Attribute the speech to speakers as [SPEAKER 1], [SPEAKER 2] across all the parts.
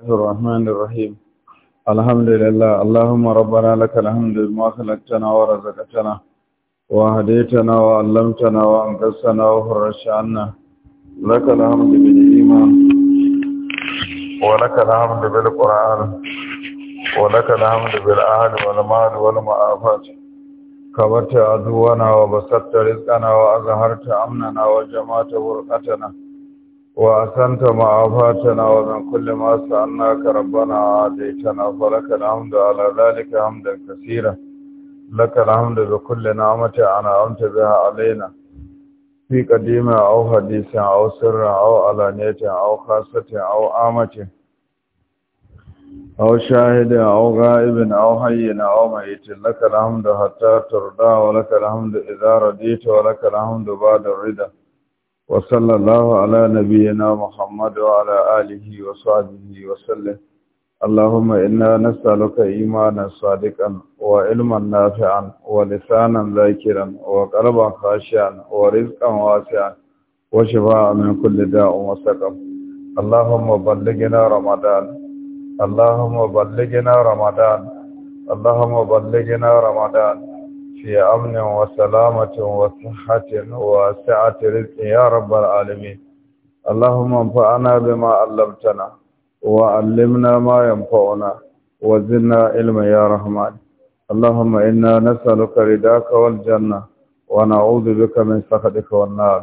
[SPEAKER 1] الله الرحمن الرحيم الحمد لله اللهم ربنا لك الحمد ما خلقتنا ورزقتنا وهديتنا وعلمتنا وأنقذتنا وفرجت لك الحمد بالإيمان ولك الحمد بالقرآن ولك الحمد بالأهل والمال والمعافات كبرت عدونا وبسطت رزقنا وأظهرت أمننا وجمعت برقتنا وأحسنت ما أفاتنا ومن كل ما سألناك ربنا عاديتنا فلك الحمد على ذلك حمدا كثيرا لك الحمد بكل نعمة أنعمت بها علينا في قديمة أو حديث أو سر أو علانية أو خاصة أو عامة أو شاهد أو غائب أو حي أو ميت لك الحمد حتى ترضى ولك الحمد إذا رضيت ولك الحمد بعد الرضا وصلى الله على نبينا محمد وعلى آله وصحبه وسلم اللهم إنا نسألك إيمانا صادقا وعلما نافعا ولسانا ذاكرا وقلبا خاشعا ورزقا واسعا وشفاء من كل داء وسقم اللهم بلغنا رمضان اللهم بلغنا رمضان اللهم بلغنا رمضان في أمن وسلامة وصحة وسعة رزق يا رب العالمين اللهم انفعنا بما علمتنا وعلمنا ما ينفعنا وزدنا علما يا رحمن اللهم إنا نسألك رداك والجنة ونعوذ بك من سخطك والنار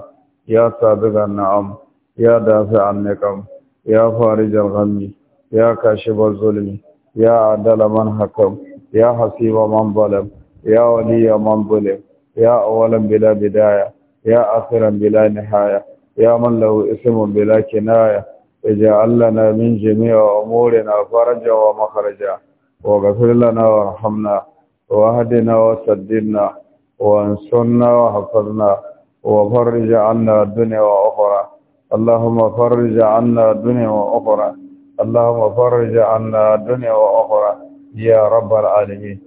[SPEAKER 1] يا سابق النعم يا دافع النقم يا فارج الغم يا كاشف الظلم يا عدل من حكم يا حسيب من ظلم يا ولي من ظلم يا أولا بلا بداية يا آخرا بلا نهاية يا من له اسم بلا كناية اجعل لنا من جميع أمورنا فرجا ومخرجا واغفر لنا وارحمنا واهدنا وسددنا وانصرنا وحفظنا وفرج عنا الدنيا وأخرى اللهم فرج عنا الدنيا وأخرى اللهم فرج عنا الدنيا وأخرى يا رب العالمين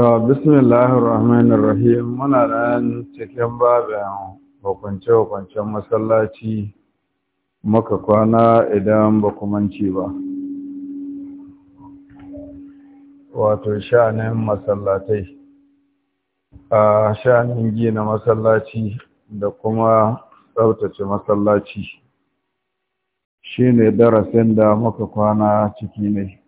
[SPEAKER 1] To, bismillahir muna nan cikin babin hukunce-hukuncen masallaci maka kwana idan ba manci ba. Wato, sha'anin masallatai, a sha'anin gina masallaci da kuma tsabtace masallaci shine darasin da maka kwana ciki ne.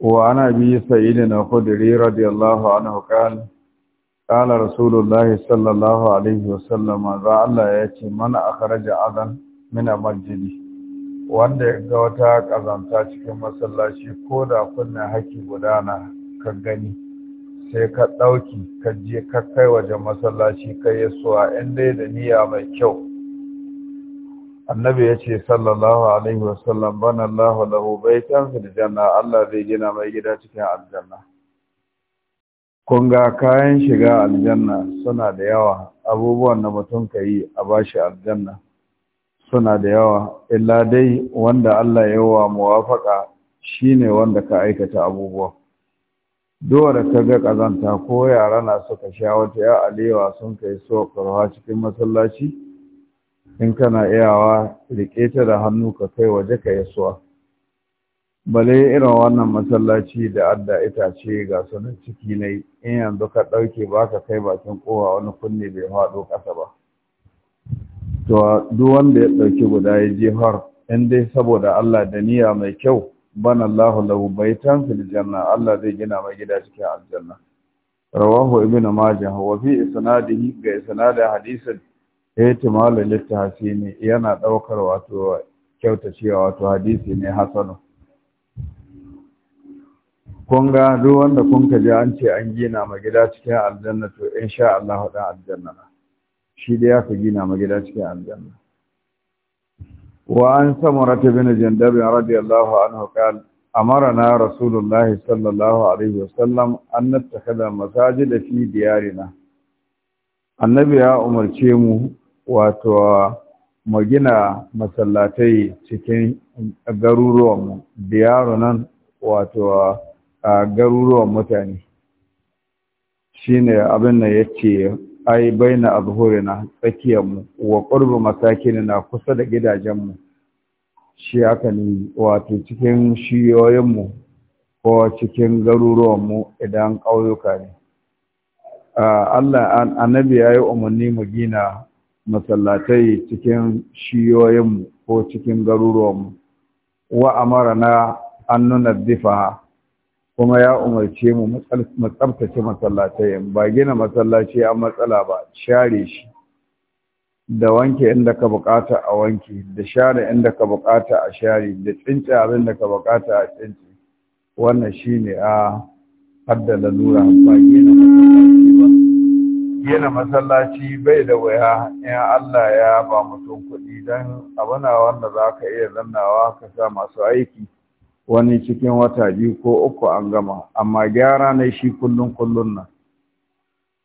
[SPEAKER 1] وعن أبي سعيد الخدري رضي الله عنه قال قال رسول الله صلى الله عليه وسلم ذا الله يأتي من أخرج أذن من مسجده wanda ya ga wata ƙazanta cikin masallaci ko da kunna haki gudana ka gani sai ka ɗauki ka je ka kai wajen masallaci ka yi suwa in dai da niyya mai kyau annabi ya ce sallallahu alaihi wasallam bana Allah lahu baitan fil janna Allah zai gina mai gida cikin aljanna kun ga kayan shiga aljanna suna da yawa abubuwan da mutum ka yi a bashi aljanna suna da yawa illa dai wanda Allah ya wa muwafaka shine wanda ka aikata abubuwa dole ta ga ƙazanta ko yara na suka sha wata ya alewa sun kai so cikin masallaci in kana iyawa riƙe ta da hannu ka kai waje ka yi yasuwa bale irin wannan masallaci da adda itace ga sunan ciki ne in yanzu ka ɗauke ba ka kai bakin kowa wani kunne bai faɗo ƙasa ba to duk wanda ya ɗauki guda ya je har in dai saboda Allah da niyya mai kyau bana Allahu lahu baitan fil janna Allah zai gina mai gida cikin aljanna rawahu ibnu majah wa fi isnadihi ga isnadi hadisin ihtimalu littahsini yana daukar wato cewa wato hadisi ne hasanu kun ga duk wanda kun ka ji an ce an gina ma gida cikin aljanna to insha Allah da aljanna shi da ya ka gina ma gida cikin aljanna wa an ta bin jandab radiyallahu anhu qala أمرنا رسول الله صلى الله عليه وسلم أن نتخذ مساجد في ديارنا النبي يا أمر wato mu gina masallatai cikin garuruwanmu diyaru nan wato a garuruwan mutane shine abin ya ce ai baina azhurina tsakiyarmu wa qurbu na kusa da gidajenmu shi haka ne wato cikin shiyoyinmu ko cikin garuruwanmu idan ƙauyuka ne Allah annabi ya yi umarni mu gina masallatai cikin shiyoyinmu ko cikin garuruwanmu wa amara na an nuna difaha kuma ya umarce mu tsabtace masallatai ba gina masallaci a matsala ba share shi da wanke inda ka bukata a wanke da share inda ka bukata a share da tsince abin da ka bukata a tsince wannan shine a haddala lura ba gina masallaci ba gina masallaci bai da waya in Allah ya ba mutum kuɗi don abana wanda za ka iya zannawa ka sa masu aiki wani cikin wata biyu ko uku an gama amma gyara ne shi kullum kullum nan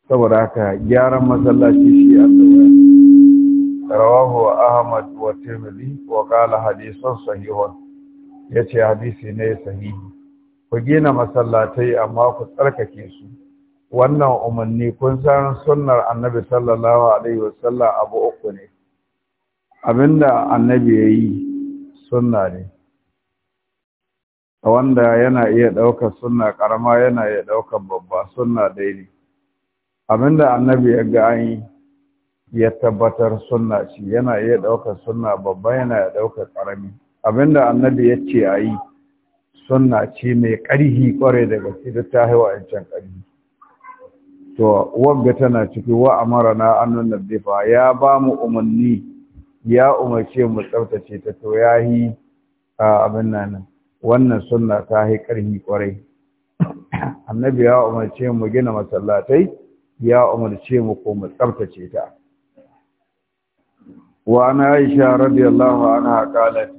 [SPEAKER 1] saboda haka gyaran masallaci shi a rawahu ahmad wa tirmidhi wa qala hadithun sahihun yace hadisi ne sahihi ku gina masallatai amma ku tsarkake su wannan umarni kun san sunnar annabi sallallahu alaihi wasallam abu uku ne abinda annabi ya yi sunna ne wanda yana iya ɗaukar sunna ƙarama yana iya ɗaukar babba sunna dai ne abinda annabi ya ga an yi ya tabbatar sunna shi yana iya ɗaukar sunna babba yana iya ɗaukar ƙarami abinda annabi ya ce a yi sunna ce mai ƙarhi ƙwarai da gaske da ta haiwa a can ƙarhi to wagga tana ciki wa Amara annan annun nadifa ya ba mu umarni ya umarce mu tsaftace ta to yahi abin nan wannan sunna ta yi karhi kwarai annabi ya umarce mu gina masallatai ya umarce mu ko mu tsaftace ta wa ana aisha radiyallahu anha qalat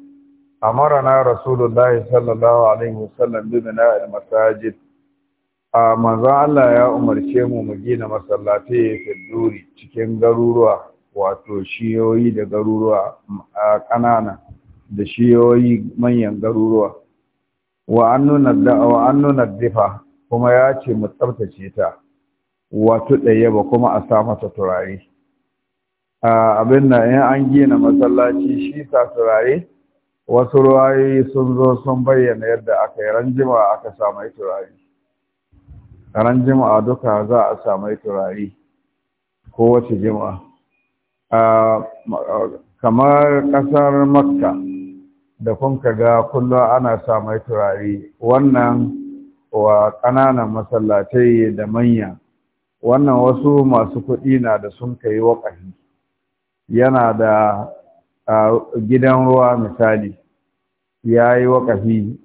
[SPEAKER 1] na rasulullahi sallallahu alaihi wasallam bi bina'il masajid a Allah ya umarce mu mu gina masallatai fi duri cikin garuruwa wato shiyoyi da garuruwa a ƙanana da shiyoyi manyan garuruwa wa nuna difa kuma ya ce mu tsabtace ta wato ɗaya ba kuma a sa mata turare abin da in an gina masallaci shi sa turare wasu ruwayoyi sun zo sun bayyana yadda aka yi ranjima aka sa mai turare ran jima'a duka za a samu turare ko wace jima'a kamar ƙasar makka da kun ga kullum ana samu turare wannan wa ƙananan masallatai da manya wannan wasu masu kuɗi na da sun kai waƙafi yana da gidan ruwa misali ya yi waƙafi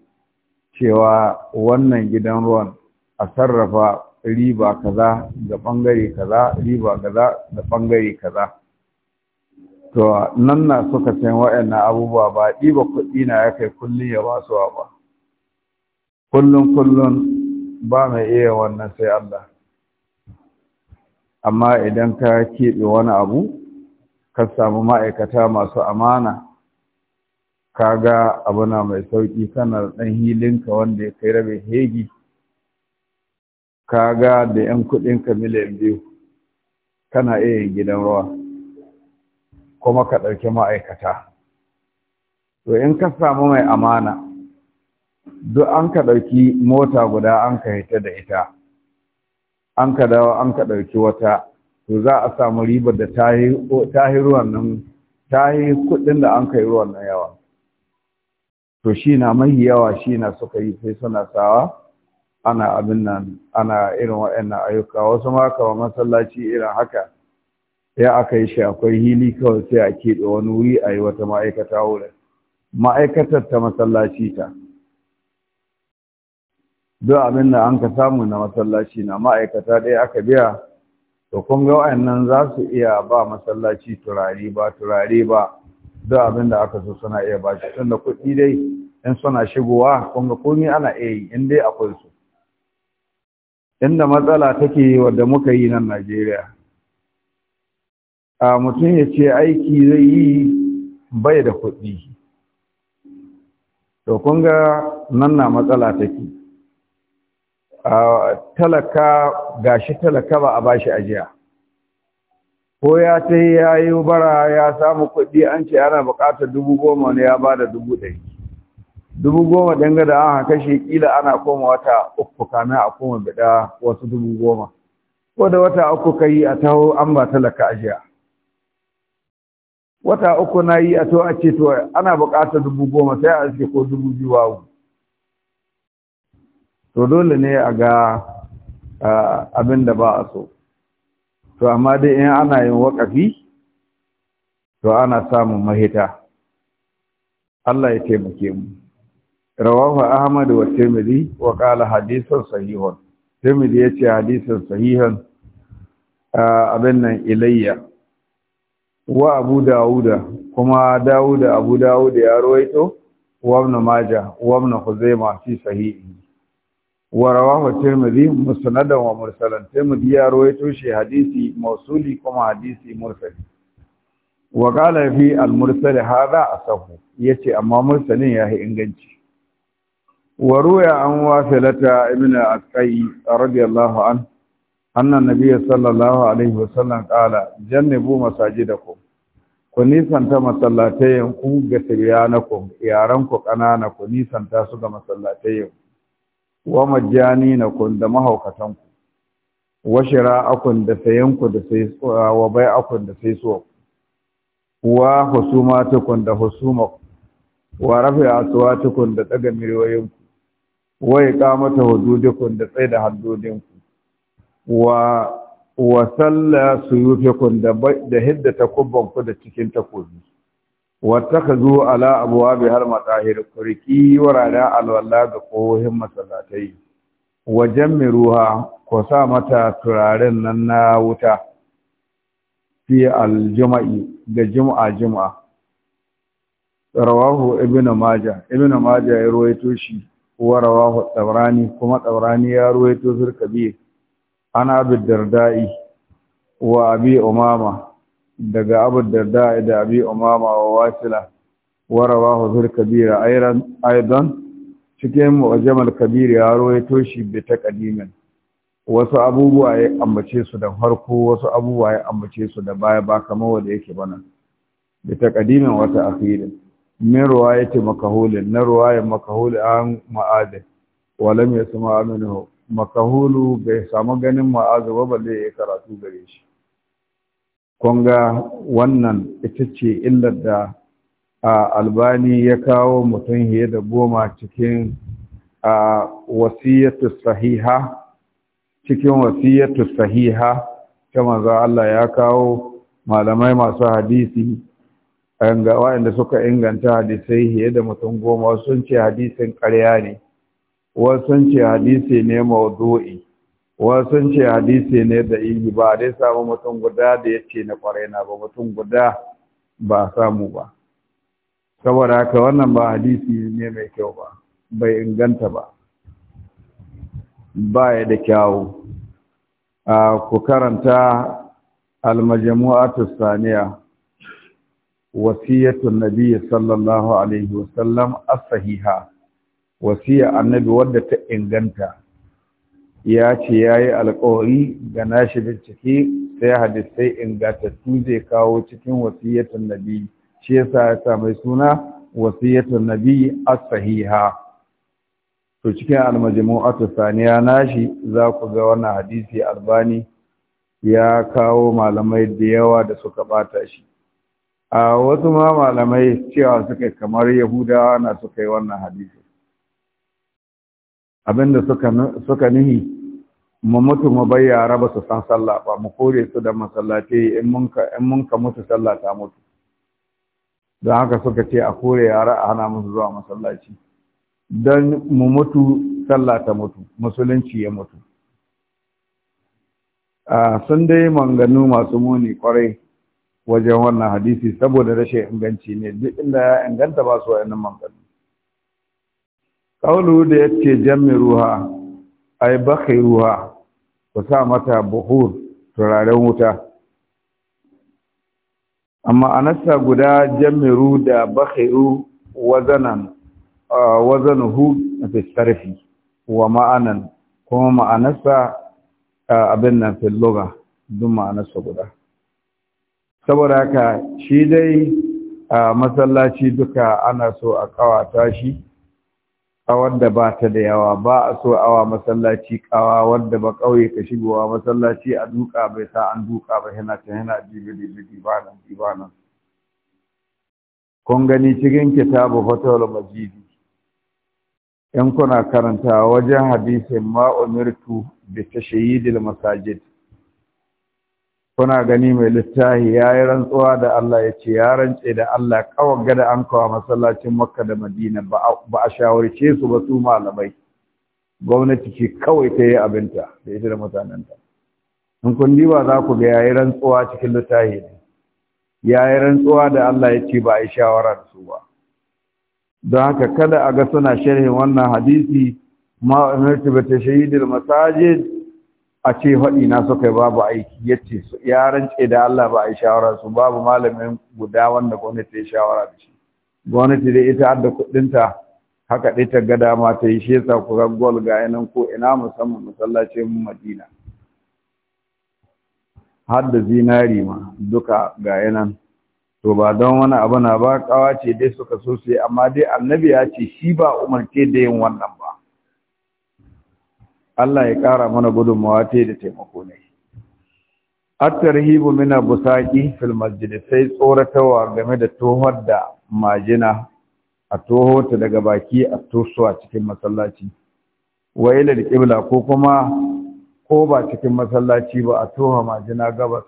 [SPEAKER 1] cewa wannan gidan ruwan a sarrafa riba kaza ga bangare kaza riba kaza da bangare kaza to nan na suka san waɗannan abubuwa ba ɗiba kuɗi na ya kai kullum ya ba su ba kullum kullum ba mai iya wannan sai Allah amma idan ka keɓe wani abu ka samu ma'aikata masu amana ka ga abu na mai sauƙi kana ɗan hilinka wanda ya kai rabin hegi ka ga da 'yan kuɗinka miliyan biyu kana iya yin gidan ruwa kuma ka ɗauki ma'aikata to in ka samu mai amana duk an ka ɗauki mota guda an ka hita da ita an ka dawo an ka ɗauki wata to za a samu ribar da ta yi ruwan nan ta yi kuɗin da an yi ruwan nan yawa to shi na mahi yawa shi na suka yi sai suna sawa ana abin nan ana irin waɗannan ayyuka wasu ma kawai masallaci irin haka ya aka yi shi akwai hili kawai sai a keɓe wani wuri a yi wata ma'aikata wurin ma'aikatar ta masallaci ta duk abin da an ka samu na masallaci na ma'aikata ɗaya aka biya to kun ga wa'annan za su iya ba masallaci turare ba turare ba duk abin da aka so suna iya ba shi tunda kuɗi dai in suna shigowa kun ga komai ana iya yi in dai akwai su inda matsala take wadda muka yi nan Najeriya a mutum ya ce aiki zai yi bai da kuɗi to kun ga nan na matsala take a talaka gashi talaka ba a bashi ajiya ko ya ta yi ya yi bara ya samu kuɗi an ce ana buƙatar dubu goma ne ya ba da dubu ɗari dubu goma danga da aka kashe kila ana koma wata uku kana a koma bida wasu dubu goma ko da wata uku kai a taho an ba talaka ajiya wata uku na yi a to a ce to ana buƙatar dubu goma sai a ce ko dubu biyu wawu to dole ne a ga abin da ba a so to amma dai in ana yin wakafi, to ana samun mahita Allah ya taimake mu rawahu ahmad wa tirmidhi wa qala hadithun sahihun tirmidhi yace hadithun sahihun abin nan ilayya wa abu dauda kuma dauda abu dauda ya rawaito wa ibn majah wa ibn khuzaimah fi sahihi wa rawahu tirmidhi musnadan wa mursalan tirmidhi ya rawaito shi hadisi mausuli kuma hadisi mursali wa qala fi al mursal hadha asahu yace amma mursalin yahi inganci وروي عن واثلة ابن أسقي رضي الله عنه أن النبي صلى الله عليه وسلم قال جنبوا مساجدكم ku nisanta masallatayen ku ga tiryanakum yaranku ƙanana ku nisanta su ga masallatayen wa majaninakum da mahaukatanku wa shira'akum da da sai wa bai'akum da sai suwa wa husumatukum da husumakum wa rafi'atukum da daga mirwayoyinku wa iqamata hududikun da tsaida haddodin ku wa wa salla suyufikum da da hidda takubban ku da cikin takobi wa zo ala abwabi har matahir kurki warada alwalla ga kohin masallatai wa jammiruha ko sa mata turaren nan na wuta fi aljuma'i da juma'a juma'a rawahu ibnu majah ibnu majah ya ruwaito shi ورواه الطبراني كما الطبراني يروي تذكر كبير أنا أبي الدرداء وأبي أمامة daga abu darda da abi umama wa wasila wa rawahu zul kabira ayran aidan cikin mu'jamal kabir ya rawaito shi bi taqdimin wasu abubuwa ya ambace su da farko wasu abubuwa ya ambace su da baya ba kamar wanda yake bana bi taqdimin wata akhirin min ruwayati makahulin na ruwayan makahul an ma'adin walam ya sama aminu makahulu bai samu ganin ma'azu ba balle ya karatu gare shi kun wannan ita ce illar da albani ya kawo mutum fiye da goma cikin a wasiyatu sahiha cikin wasiyatu sahiha ta maza Allah ya kawo malamai masu hadisi ga waɗanda suka inganta hadisai fiye da mutum goma sun ce hadisin ƙarya ne wasu sun ce hadisi ne mawdu'i wasu sun ce hadisi ne da iyi ba dai samu mutum guda da ya na ƙwarai na ba mutum guda ba samu ba saboda haka wannan ba hadisi ne mai kyau ba bai inganta ba ba ya da kyawu ku karanta al-majmu'atu saniya wasiyatun nabiyyi sallallahu alaihi wasallam as-sahiha wasiya annabi wadda ta inganta ya ce yayi alƙawari ga nashi bincike sai hadisai ingantattu zai kawo cikin wasiyatun nabiyyi shi yasa ya sa mai suna wasiyatun nabiyyi as-sahiha to cikin al-majmu'atu saniya nashi za ku ga wannan hadisi albani ya kawo malamai da yawa da suka bata shi a wasu ma malamai cewa suka kamar yahudawa na suka yi wannan hadisi abinda suka nuhi mu mutu mu bayyara ba su san sallah ba mu kore su da masallaci in mun ka mutu sallah ta mutu don haka suka ce a kore yara a hana musu zuwa masallaci don mu mutu sallah ta mutu musulunci ya mutu sun dai manganu masu muni kwarai wajen wannan hadisi saboda rashin inganci ne duk inda ya inganta ba su wa'annan manzanni kawulu da yace jammi ruha ai bakai ruha ku sa mata buhur turaren wuta amma anasa guda jammiru da bakhiru wazanan wazanuhu fi sarfi wa ma'anan kuma ma'anarsa abin nan fi lugha duk ma'anarsa guda saboda haka shi dai a masallaci duka ana so a kawata shi a wanda ba ta da yawa ba a so awa masallaci kawa wanda ba kauye ka shigowa masallaci a duka bai sa an duka ba yana ta yana Jibi ba nan ba nan kun gani cikin kitabu fatawar majidi in kuna karanta wajen hadisin ma umirtu bi tashyidil masajid kuna gani mai littahi ya yi rantsuwa da Allah ya ce ya rantse da Allah kawar gada an kawo masallacin makka da madina ba a shawarce su ba su malamai gwamnati ce kawai ta yi abinta da ita da mutanenta in kun diba za ku ga ya yi rantsuwa cikin littahi ne ya yi rantsuwa da Allah ya ce ba a yi shawara da su ba don haka kada a ga suna sharhin wannan hadisi ma ba ta shahidar masajid a ce faɗi na suka yi babu aiki ya ce su ya rance da Allah ba a yi shawara su babu malamin guda wanda gwamnati ya shawara da shi gwamnati da ita adda kuɗinta haka ɗai ta ga dama ta yi shesa ku ga gol ga yanan ko ina musamman masallacin madina har da zinari ma duka ga yanan to ba don wani abu na ba kawa ce dai suka so su yi amma dai annabi ya ce shi ba umarce da yin wannan Allah ya ƙara mana gudun ta da taimako ne Atar tarhibu mina busaƙi, fil masjid sai tsoratawa game da tohon da majina a toho daga baki a tosuwa cikin masallaci wa ila ƙibla ko kuma ko ba cikin masallaci ba a toha majina gabas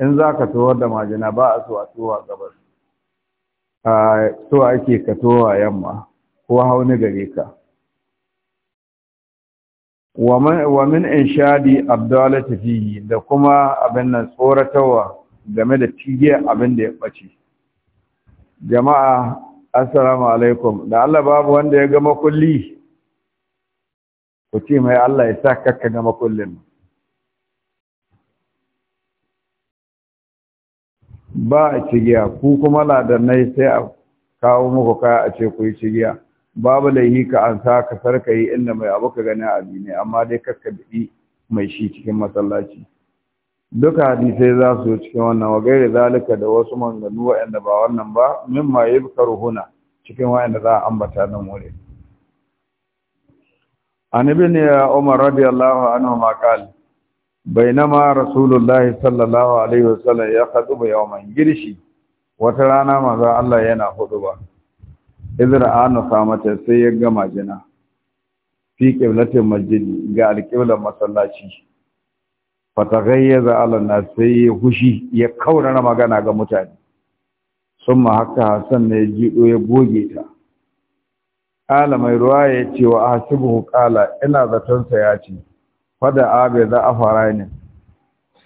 [SPEAKER 1] in za ka tohar da majina ba a so a toha gabas so ake ka a yamma ko hauni gare ka wa min inshadi abdalati fihi da kuma abin nan tsoratawa game da tigiya abin da ya bace jama'a assalamu alaikum da Allah babu wanda ya gama kulli ku ce mai Allah ya sa kakka gama kullin ba a cigiya ku kuma ladannai sai a kawo muku kaya a ce ku yi cigiya babu laihi ka an sa ka sarka yi inda mai abu ka gani a ne amma dai kakka biɗi mai shi cikin masallaci duka hadisai za su yi cikin wannan wa gairi zalika da wasu manganu wa'anda ba wannan ba min mimma yuzkaru ruhuna, cikin wa'anda za a ambata nan wurin عن ابن عمر رضي الله عنهما قال بينما رسول الله صلى الله عليه وسلم يخطب wata rana وترانا Allah الله ينا خطبه izra ana mata sai ya gama jina fi qiblatil masjidi ga alƙiblar masallaci fatagayyaza ala na sai ya hushi ya na magana ga mutane sun ma haka hasan ne jiɗo ya goge ta ƙala mai ruwa ya ce wa ahsibuhu ƙala ina zaton sa ya ce fada abe za a fara ne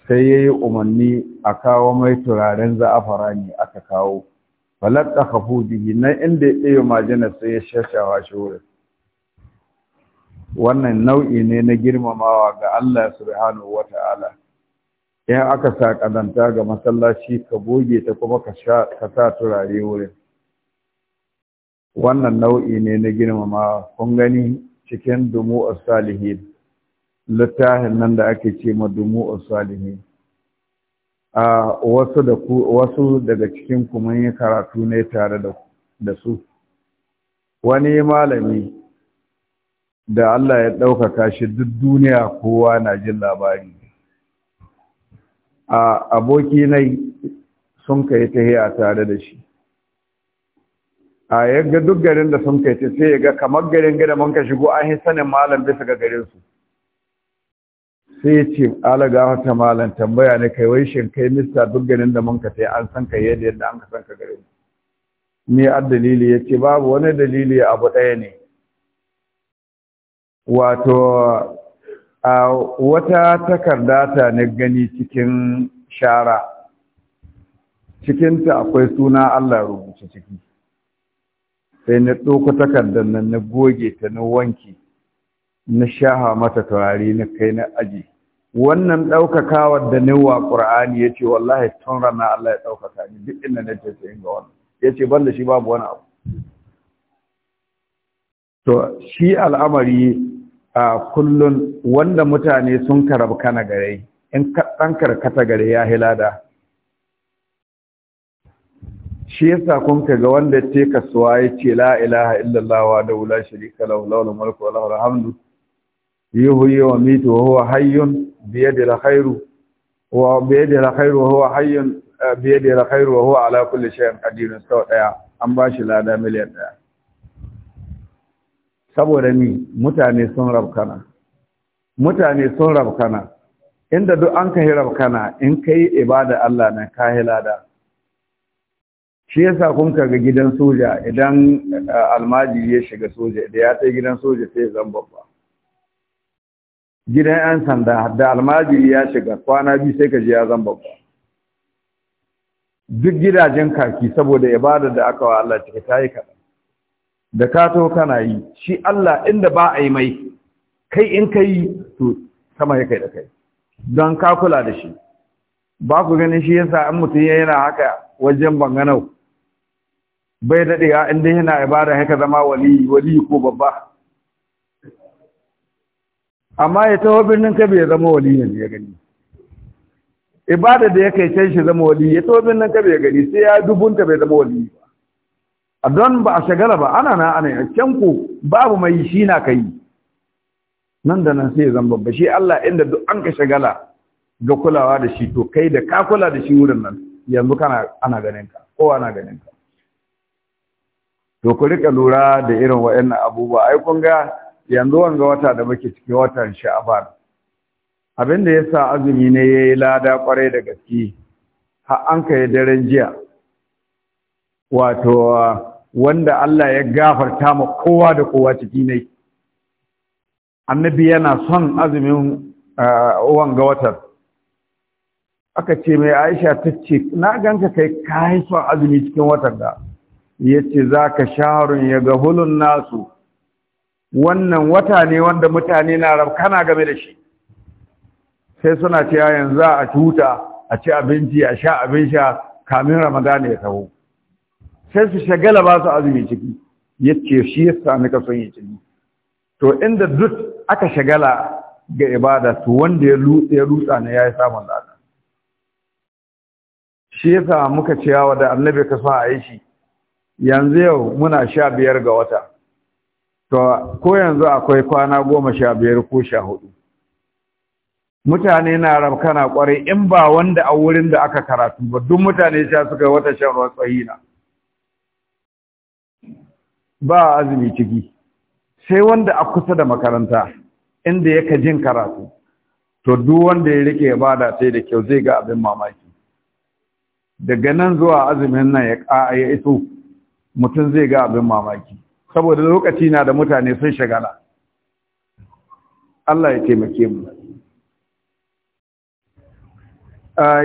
[SPEAKER 1] sai ya yi umarni a kawo mai turaren za a fara ne aka kawo falatta hafudihi na inda ya ɗaya majina sai ya shashawa shi wurin wannan nau'i ne na girmamawa ga Allah subhanahu wa ta'ala in aka sa ƙazanta ga masallaci ka goge ta kuma ka sa turare wurin wannan nau'i ne na girmamawa kun gani cikin dumu'ar salihin littafin nan da ake ce ma dumu'ar salihin wasu daga cikin ku mun yi karatu ne tare da su wani malami da Allah ya ɗaukaka shi duk duniya kowa na jin labari a aboki nai sun kai a tare da shi a yaga duk garin da sun kai ta sai ya ga kamar garin gada mun ka shigo an yi sanin malam bisa ga garin sai ya ce alaga wata malam tambaya ne kai wai shin kai mista duk ganin da muka sai an san kai yadda yadda an ka san ka gare Ni me ad dalili yace babu wani dalili abu ɗaya ne wato a wata takardata ta na gani cikin shara cikinta akwai suna Allah rubuce ciki sai na ɗauko takardar nan na goge ta na wanki na shaha mata taurari na kai na aji wannan ɗaukakawa da nawa ƙura'ani ya ce wallahi tun rana Allah ya ɗaukaka ni duk inda na ce sayin ga wannan ya ce ban da shi babu wani abu to shi al'amari a kullun wanda mutane sun karabka na gare in ɗan karkata gare ya hilada shi yasa kun ka ga wanda ce kasuwa ya ce la ilaha illallah wa da wula shirika lahu lahul mulku wa lahul hamdu yuhyi wa mitu wa huwa hayyun bi yadi al-khairu wa bi yadi al-khairu wa huwa hayyun bi yadi khairu wa huwa ala kulli shay'in qadir sau daya an ba shi lada miliyan daya saboda ni mutane sun rabkana mutane sun rabkana inda duk an ka rabkana in kai ibada Allah na ka lada shi yasa kun ga gidan soja idan almajiri ya shiga soja da ya tai gidan soja sai zan babba gidan 'yan sanda da almajiri ya shiga kwana biyu sai ka ya zan babba duk gidajen kaki saboda ibadar da aka wa Allah cika ta yi kaɗan da ka to kana yi shi Allah inda ba a yi mai kai in ka yi to sama ya kai da kai don ka kula da shi ba ku ganin shi yasa an mutum yana haka wajen banganau bai daɗewa inda yana ibada haka zama wali wali ko babba amma ya taho birnin kabe ya zama wali ne ya gani ibada da ya kai can shi zama wali ya taho birnin kabe ya gani sai ya dubunta bai zama wali ba a don ba a shagala ba ana na ana can ku babu mai shi na kai nan da nan sai ya zama babba shi Allah inda duk an ka shagala ga kulawa da shi to kai da ka kula da shi wurin nan yanzu kana ana ganin ka ko ana ganin ka to ku rika lura da irin wa'annan abubuwa ai kun ga yanzu wanga wata da muke cikin watan sha'abar abin da sa azumi ne yayi lada kwarai da gaske har an kai daren jiya wato wanda Allah ya gafarta ma kowa da kowa ciki ne annabi yana son azumin eh, wanga watan aka ce mai aisha ta ce na ganka kai kayi son azumi cikin watan da ya ce za ka ya ga hulun nasu wannan wata ne wanda mutane na kana game da shi sai suna cewa yanzu a tuta a ci abinci a sha abin sha kamin ramadan ya taho sai su shagala ba su azumi ciki yace shi ya sami son yi ciki to inda duk aka shagala ga ibada to wanda ya lutsa ya lutsa ne yayi samun lada shi ya sa muka ciyawa da annabi ka sa a yi shi yanzu yau muna sha biyar ga wata to ko yanzu akwai kwana goma sha biyar ko sha hudu mutane na rabkana kwarai in ba wanda a wurin da aka karatu ba duk mutane sha suka yi wata shan ruwan tsahina ba azumi ciki sai wanda a kusa da makaranta inda yaka jin karatu to duk wanda ya rike bada sai da kyau zai ga abin mamaki daga nan zuwa azumin nan ya iso mutum zai ga abin mamaki saboda lokaci na da mutane sun shagala Allah ya taimake mu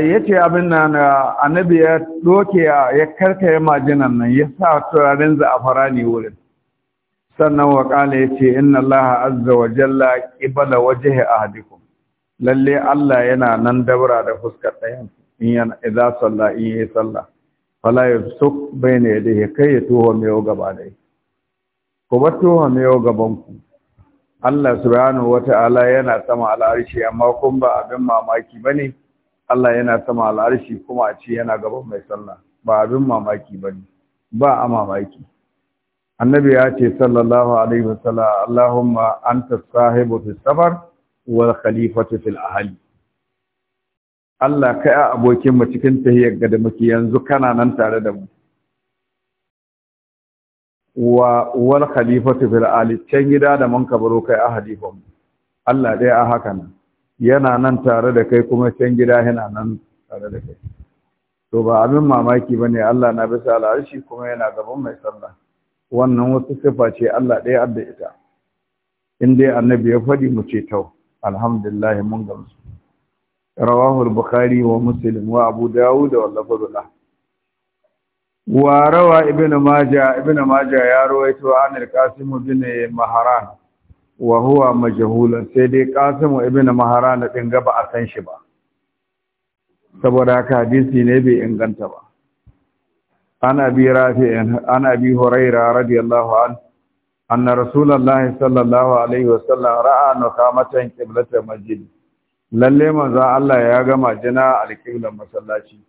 [SPEAKER 1] ya ce abin na na annabi ya doke ya ya majinan nan ya sa a za'afara ne wurin sannan wa kala ya ce inna Allah azza wa jalla qibala wajhi ahadikum lalle Allah yana nan dabra da fuskar ɗayan in yana idza salla in yi salla fala yusuk bayna yadayhi kai ya tuho mai gaba dai ku bar yau gabanku Allah subhanahu wata'ala yana sama al'arshi amma kun ba abin mamaki bane Allah yana sama al'arshi kuma a ce yana gaban mai sallah ba abin mamaki bane ba a mamaki annabi ya ce sallallahu alaihi wasallam Allahumma anta sahibu fi safar wal khalifatu fil ahli Allah kai abokin mu cikin tahiyar ga da muke yanzu kana nan tare da mu wa wal khalifatu fil ali can gida da mun kabaro kai a mu. Allah dai a haka nan yana nan tare da kai kuma can gida yana nan tare da kai to ba abin mamaki bane Allah na bisa al'arshi kuma yana gaban mai sallah wannan wasu sifa ce Allah dai adda ita in dai annabi ya faɗi mu ce tau alhamdulillah mun gamsu rawahu al-bukhari wa muslim wa abu dawud wa lafadullah wa rawa ibn majah ibn majah ya rawaito an al-qasim bin maharan wa huwa majhulun sai dai qasim ibn maharan din ba a san shi ba saboda haka hadisi ne bai inganta ba an abi rafi an abi huraira radiyallahu an anna rasulullahi sallallahu alaihi wasallam ra'a nukamatan qiblatan masjid lalle manzo Allah ya gama jina al-qiblan masallaci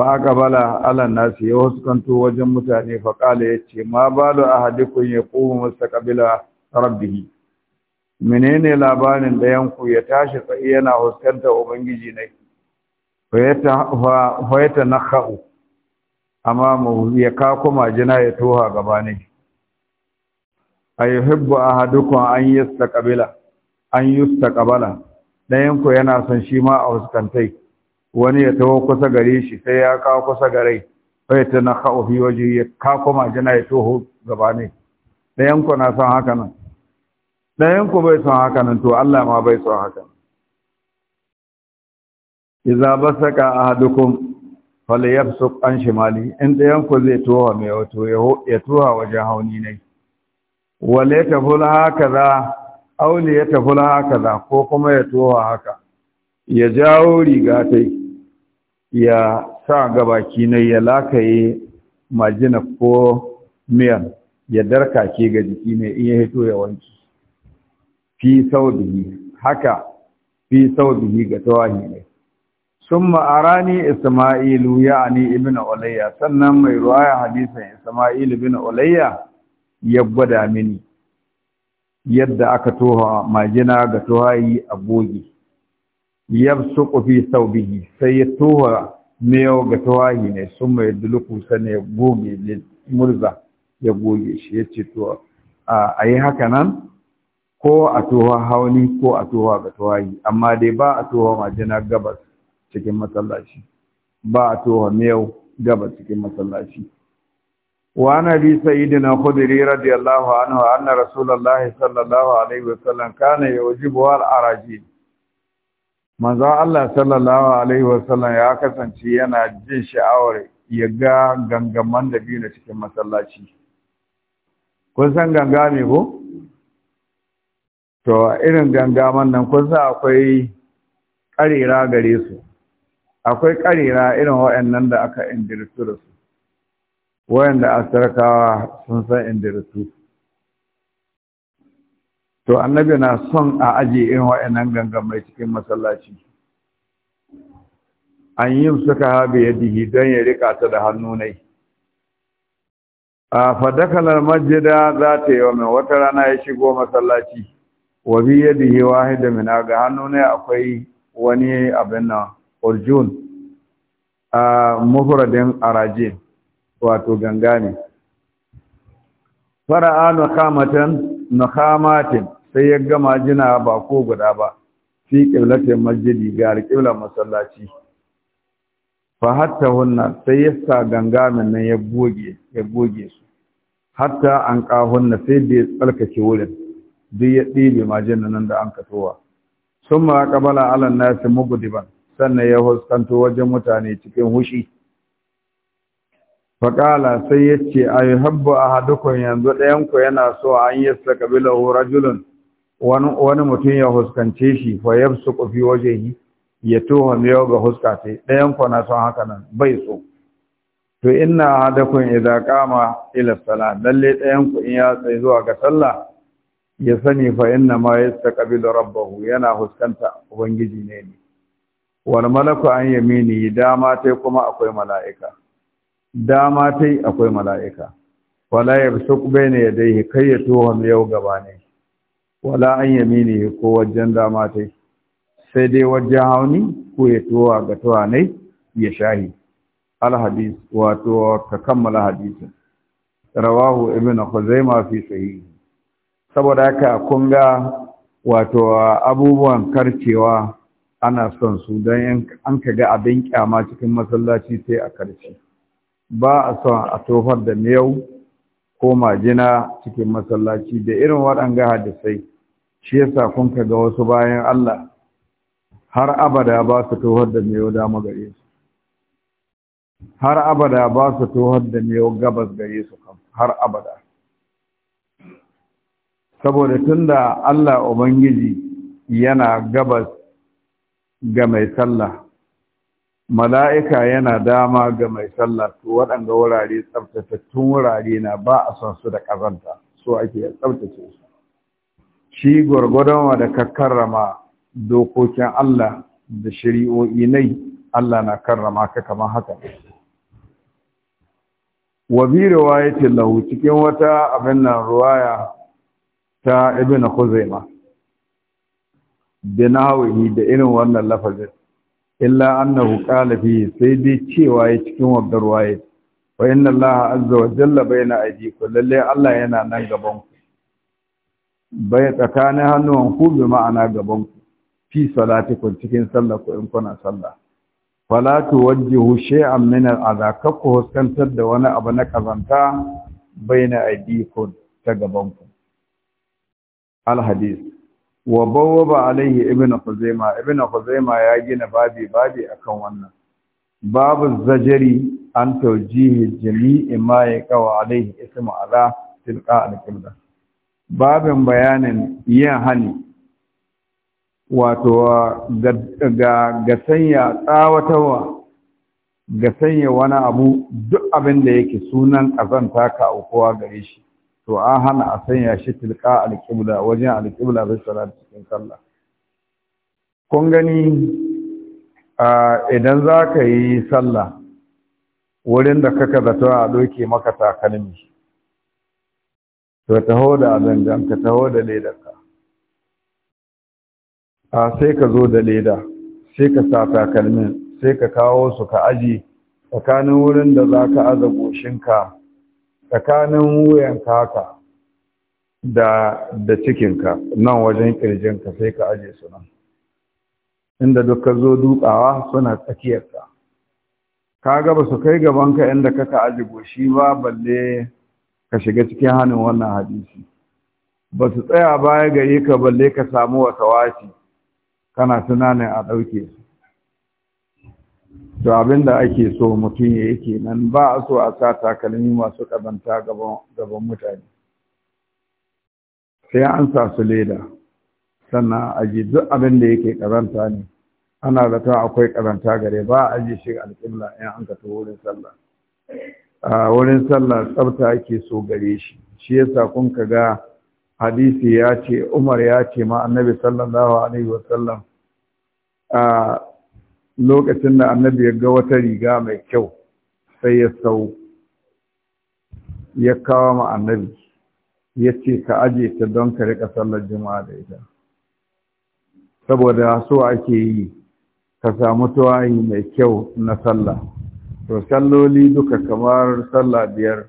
[SPEAKER 1] fa aqbala ala nas ya huskanto wajen mutane fa ya ce, ma balu ahadikum yaqumu mustaqbila rabbih menene labarin da ku ya tashi tsaye yana huskanta ubangiji ne fa yata fa hau, amma mu ya ka kuma jina ya toha gaba ne ayuhibbu ahadukum an yastaqbila an yastaqbala dayan ku yana son shi ma a huskantai wani ya taho kusa gare shi sai ya kawo kusa gare sai ta na kawo fi waje ya kako majina ya toho gaba ne ɗayanku na son haka nan ɗayanku bai son haka nan to Allah ma bai son haka nan iza basaka ahadukum su an shimali in ɗayanku zai toha mai wato ya toha wajen hauni ne wale tafula haka za auli ya tafula haka za ko kuma ya toha haka ya jawo riga ta ya sa gabaki na ya lakaye majina ko miyan ya darka ke ga jiki ne in ya hito ya wanki fi saudi haka fi saudi ga tawahi ne ثم أراني ya ani ibn أوليا sannan mai ruwaya hadisin Isma'il ibn Ulayya ya gwada mini yadda aka toha majina ga tawahi a bogi yabsuqu fi thawbihi sai ya tuwa mewa ga tawahi ne sun mai duluku sane goge ne murza ya goge shi ya ce tuwa a yi haka nan ko a tuwa hauni ko a tuwa ga tawahi amma dai ba a tuwa majina gabas cikin matsalashi ba a tuwa mewa gabas cikin matsalashi وعن ابي سيدنا خدري رضي الله عنه ان رسول الله صلى الله عليه وسلم كان يوجبها الاراجيل manzo Allah sallallahu alaihi wasallam ya kasance yana jin sha'awar ya ga gangaman da biyu na cikin masallaci kun san ganga ne ko to irin gangaman nan kun san akwai karera gare su akwai karera irin waɗannan da aka indiritu da su waɗanda a sarkawa sun san indiritu to annabi na son a aje irin wa'annan gangan mai cikin masallaci an yi suka haɓe ya dihi don ya rika ta da hannunai. nai a fadakalar majida za ta yi wa mai wata rana ya shigo masallaci wa bi ya dihi wahida mina ga hannunai, akwai wani abin na orjun a mafuradin arajin wato ganga ne fara'a na kamatan nakhamatin sai ya gama jina ba ko guda ba fi qiblatin masjidi ga alqiblar masallaci fa hatta hunna sai ya sa gangamin nan ya goge ya goge su hatta an hunna sai da ya tsarkake wurin duk ya dibe majin nan da an katowa sun qabala ala nasi mugudiban sannan ya huskanto wajen mutane cikin hushi faƙala sai ya ce a yi habba a hadukun yanzu ɗayanku yana so an yi sa ƙabila julun wani mutum ya huskance shi fa ya su ƙufi waje yi ya tuha yau ga huska ce ɗayanku na son haka nan bai so to ina hadukun idan kama ila sala lalle ɗayanku in ya tsaye zuwa ga sallah ya sani fa inna ma ya sa ƙabila rabbahu yana huskanta ubangiji ne ne wal malaku an yamini dama sai kuma akwai mala'ika dama ta yi akwai mala'ika wala ya fi suku bai ne ya dai kai ya towa yau gaba ne wala an yami ne ko wajen dama ta sai dai wajen hauni ko ya tuwa ga tuwa ne ya shahi alhadis wato ka kammala hadisin rawahu ibn zai fi sahihi saboda haka kun ga wato abubuwan karcewa ana son su don an ka ga abin kyama cikin masallaci sai a karce ba a son a tofar da miyau ko majina cikin masallaci da irin waɗanga hadisai shi yasa kun ga wasu bayan Allah har abada ba su tofar da miyau dama gare su har abada ba su tofar da miyau gabas gare su har abada saboda tunda Allah ubangiji yana gabas ga mai sallah mala'ika yana dama ga mai sallah to waɗanda wurare tsabtatattun wurare na ba a son su da ƙazanta so ake tsabtace su shi gwargwadon da ka karrama dokokin Allah da shari'o'i nai Allah na karrama ka kamar haka wa bi riwayatin lahu cikin wata abin na ruwaya ta ibn khuzaima bi da irin wannan lafazin illa annahu qala fi sai dai cewa ya cikin wabdar waye. wa inna allaha azza wa jalla baina aydikum lalle allah yana nan gaban ku bai tsakanin hannuwan ku bi ma'ana gaban ku fi salatikum cikin sallah ku in kuna sallah fala tuwajjihu shay'an min al'adha ku huskantar da wani abu na kazanta baina aydikum ta gaban ku al hadith wa bawwaba alaihi ibnu khuzaima ibnu khuzaima ya gina babi babi akan wannan babu zajari an tawjihi jami'i ma yaqaw alaihi ismu ala tilqa al babin bayanin yin hani wato ga ga sanya tsawatawa ga sanya wani abu duk abin da yake sunan kazanta ka aukuwa gare shi to an hana a sanya shi tilka alƙibla wajen alƙibla bai sala cikin sallah kun gani idan za ka yi sallah wurin da kaka zato a ɗauke maka takalmi to taho da azangan ka taho da ka a sai ka zo da leda sai ka sa takalmin sai ka kawo su ka aji tsakanin wurin da za ka aza goshinka tsakanin wuyanka haka da da cikinka nan wajen kirjinka sai ka aje su nan inda duk ka zo dukawa suna tsakiyarka ka ga ba su kai gabanka inda kaka aje goshi ba balle ka shiga cikin hannun wannan hadisi ba su tsaya baya gare ka balle ka samu wata wasi kana tunanin a ɗauke to abin da ake so mutum ya yake nan ba a so a sa takalmi masu ƙazanta gaban mutane sai an sa su leda sannan aji duk abin da yake ƙazanta ne ana zata akwai ƙazanta gare ba a ji shi alƙimla in an ka wurin sallah a wurin sallah tsabta ake so gare shi shi yasa kun ka ga hadisi ya ce umar ya ce ma annabi sallallahu alaihi a lokacin da annabi ya ga wata riga mai kyau sai ya sau ya kawo ma annabi ya ce ka aje ta don ka riƙa sallar juma'a da ita saboda so ake yi ka samu tuwayi mai kyau na sallah to salloli duka kamar sallah biyar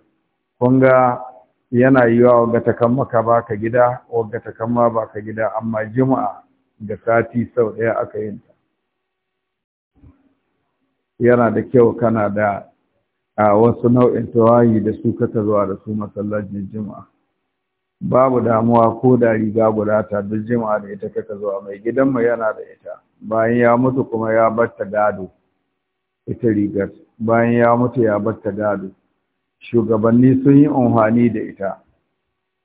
[SPEAKER 1] kun ga yana yiwa wa ta kan maka baka gida wa ta kan baka gida amma juma'a da sati sau ɗaya aka yin ta yana da kyau kana da a wasu nau'in tawayi da su kaka zuwa da su masallacin jima'a babu damuwa ko da riga guda ta duk jima'a da ita kaka zuwa mai gidanmu yana da ita bayan ya mutu kuma ya batta gado ita rigar bayan ya mutu ya batta gado shugabanni sun yi amfani da ita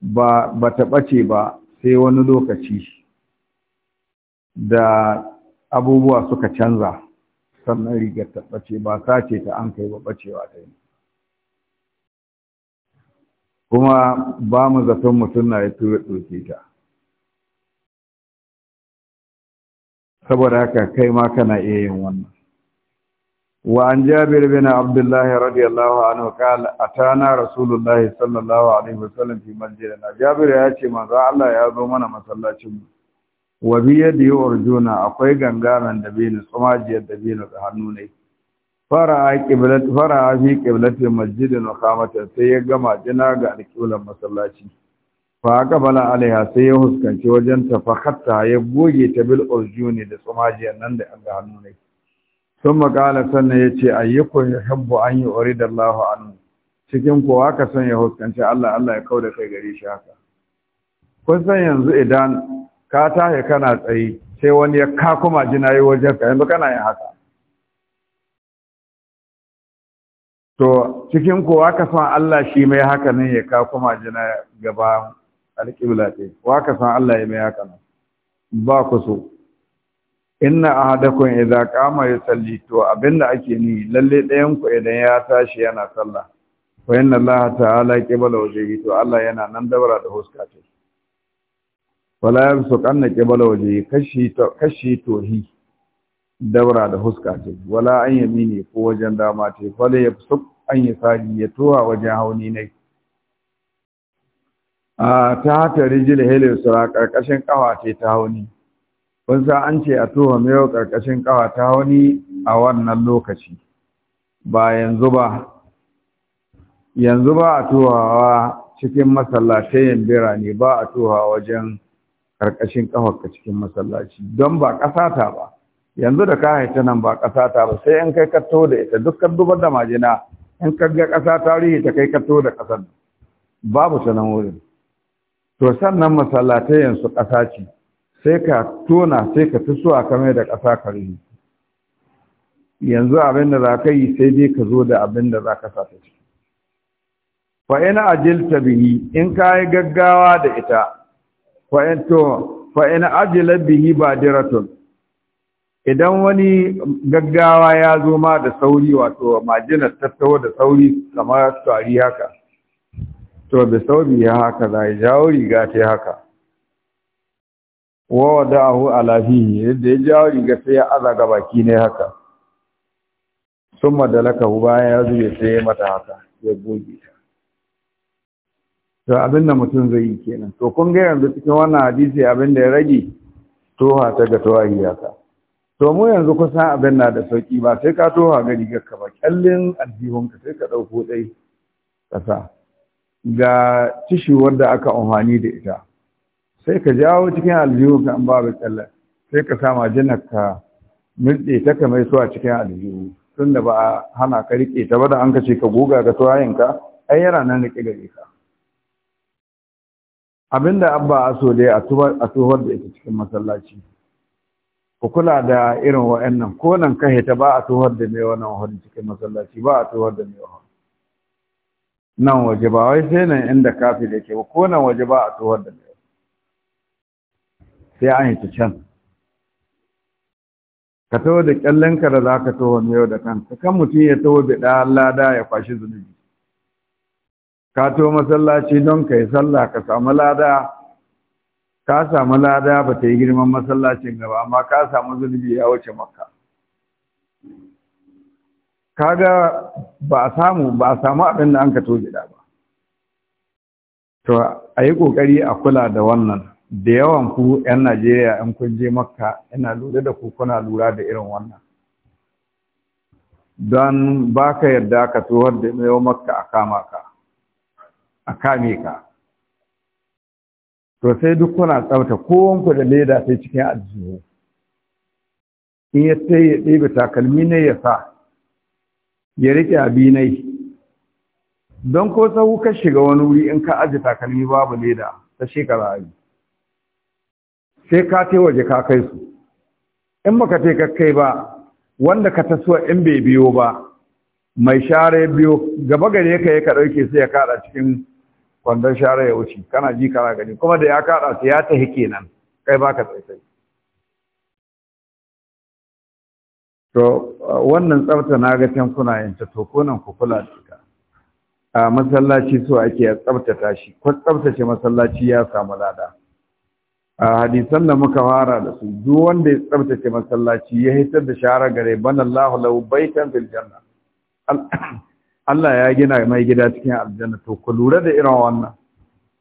[SPEAKER 1] ba ba ta ɓace ba sai wani lokaci da abubuwa suka canza sannan rigar ta ɓace ba ce ta an kai ba ɓacewa ta yi kuma ba mu zaton mutum na ya tura ɗauke ta saboda haka kai ma kana iya yin wannan wa an jabir bin abdullahi radiyallahu anhu qala atana rasulullahi sallallahu alaihi wasallam fi masjidina jabir ya ce manzo Allah ya zo mana masallacin mu wa biye da yawar juna akwai gangaren da binu tsumajiyar da binu da hannu ne fara qiblat fara fi masjidin wa qamata sai ya gama jina ga alƙiblar masallaci fa bala alaiha sai ya huskanci wajen ta hatta ya goge ta bil urjuni da tsumajiyar nan da ga hannu ne sun makala sannan ya ce ayyukun yuhibbu an yu'rida Allahu anhu cikin kowa ka san ya huskanci Allah Allah ya kauda kai gari shi haka kun san yanzu idan ka tahe kana tsayi, sai wani ya ka kuma jina yi wajen ka yanzu kana yin haka to cikin kowa ka san Allah shi mai haka ne ya ka kuma jina gaba alƙibla ce wa ka san Allah ya mai haka nan ba ku so inna ahadakum idza qama yusalli to abinda ake ni lalle ɗayan ku idan ya tashi yana sallah wa inna Allah ta'ala qibla wajhihi to Allah yana nan dabara da huska ce wala ya yamsu kanna kibala waje kashi tohi daura da huska ce wala an mini ko wajen dama ce wala yafsuk an yi yasari ya tuwa wajen hauni ne a ta hata rijil hele sura karkashin kawa ce ta hauni kun sa an ce a tuwa mai karkashin kawa ta hauni a wannan lokaci ba yanzu ba yanzu ba a wa cikin masallatai birane ba a tuwa wajen ƙarƙashin ƙawarka cikin masallaci don ba ƙasata ba yanzu da ka haita nan ba ƙasata ba sai in kai katto da ita duk ka dubar da majina in ka ga ƙasa tarihi ta kai katto da ƙasar babu ta nan wurin to sannan masallatai yanzu ƙasa ce sai ka tona sai ka fi tusuwa kamar da ƙasa ka rihi yanzu abin da za ka yi sai dai ka zo da abin da za ka sa ta ciki fa ina ajilta bihi in ka yi gaggawa da ita fa in to fa in bihi badiratun idan wani gaggawa ya zo ma da sauri wato majinar tattawo da sauri kamar tari haka to da sauri ya haka za ya jawo riga ta haka wa wada'ahu ala fihi yadda ya jawo riga sai ya aza ga baki ne haka summa dalakahu bayan ya zube sai mata haka ya goge ta to abin da mutum zai yi kenan to kun ga yanzu cikin wannan hadisi abin da ya rage toha ta ga tawahiya ta to mu yanzu kusan abin na da sauki ba sai ka toha ga rigar ka ba kyallin ka sai ka ɗauko dai ƙasa ga tishi wanda aka amfani da ita sai ka jawo cikin aljihun ka an babu kalla sai ka sa majinar ka ta ka mai suwa cikin aljihu tunda ba a hana ka riƙe ta ba da an ka ka goga ga ka ai yana nan riƙe gare ka abinda abba a so dai a tuhar da ita cikin masallaci ku kula da irin wa'annan ko nan ka ta ba a tuhar da mai wannan wahon cikin masallaci ba a tuhar da mai wahon nan waje ba wai sai nan inda kafi da ke ko nan waje ba a tuhar da mai sai an yi ta can ka taho da kyallenka da za ka taho mai da kanka kan mutum ya taho da ɗaya lada ya kwashi zunubi ka to masallaci don ka sallah ka samu lada ka samu lada ba ta yi girman masallacin gaba amma ka samu zunubi ya wuce makka kaga ba a samu ba a samu abin da an ka da ba to a yi kokari a kula da wannan da yawan ku 'yan najeriya in kun je makka ina lura da ku kuna lura da irin wannan don ba ka yarda ka tsohon da yau makka a kama ka a kame ka to sai duk kuna tsafta kowanku da leda sai cikin aljihu in ya sai ya ɗebe takalmi ne ya sa ya riƙe abinai don ko sahu ka shiga wani wuri in ka aji takalmi babu leda ta shekara aji sai ka te waje ka kai su in ka te ka kai ba wanda ka taso in bai biyo ba mai share biyo gaba gare ka ya ka ɗauke sai ya kaɗa cikin kwandon shara ya wuce kana ji kana gani kuma da ya kada su ya tahi kenan kai baka tsaitsai to wannan tsafta na ga can kuna yin ta to ko nan ku kula da ita a masallaci so ake tsaftata shi ko tsaftace masallaci ya samu lada a hadisan da muka fara da su duk wanda ya tsaftace masallaci ya hitar da shara gare banallahu lahu baitan fil janna Allah ya gina mai gida cikin aljanna to ku lura da irin wannan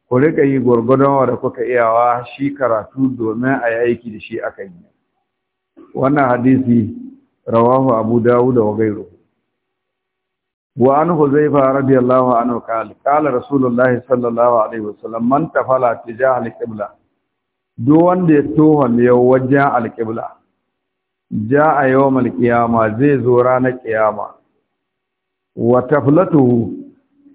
[SPEAKER 1] ku rika yi gwargwadon da kuka iyawa shi karatu domin a yi aiki da shi aka yi wannan hadisi rawahu abu dawud wa gairu wa an huzaifa radiyallahu anhu qala qala rasulullah sallallahu alaihi wasallam man tafala tijah al-qibla duk wanda ya toha ne wajen al-qibla ja a yawmal zai zo ranar qiyama wa taflatuhu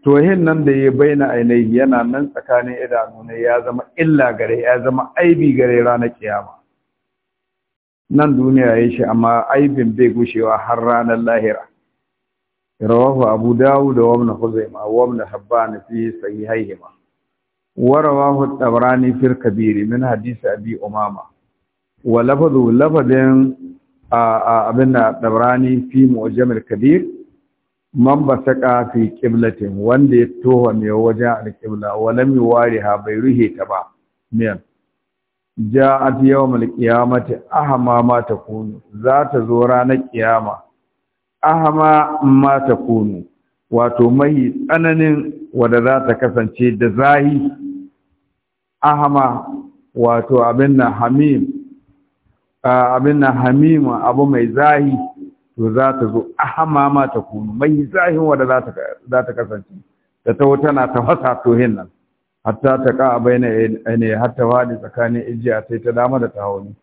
[SPEAKER 1] yin nan da ya bayyana ainihi yana nan tsakanin idanu ne ya zama illa gare ya zama aibi gare ranar kiyama nan duniya ya shi amma aibin bai gushewa har ranar lahira rawahu abu dawud da wamna huzaima wamna habban fi sahihaihima wa rawahu tabrani fil kabir min hadisi abi umama wa lafadhu lafadin abin da tabrani fi mu'jamil kabir man ba ta ƙafi qiblatin wanda ya toha mai wajen mai ware ha bai ruhe ta ba miyan ja'at yawmal qiyamati ahma ma kunu za ta zo ranar ƙiyama ahma ma kunu wato mai tsananin wanda za ta kasance da zahi ahma wato abin na hamim abin na hamima abu mai zahi to za ta zo a ma ta kunu mai zahin wanda za ta kasance da ta wuta na ta fasa tohin nan hatta ta ka baina ne hatta wadi tsakanin ijiya sai ta dama da ta hauni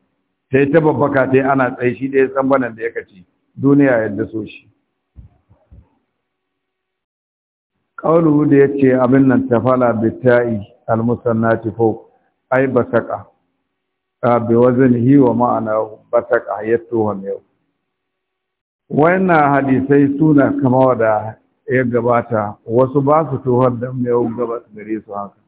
[SPEAKER 1] sai ta babbaka sai ana tsaye shi da ya san banan da ya kace duniya yadda so shi qawluhu da ce abin nan tafala bitai almusannati fo, ai basaka bi waznihi wa ma'anahu basaka yatuhu yau wannan hadisai suna kama da ya gabata wasu ba su tohar da mewu gabas gare su haka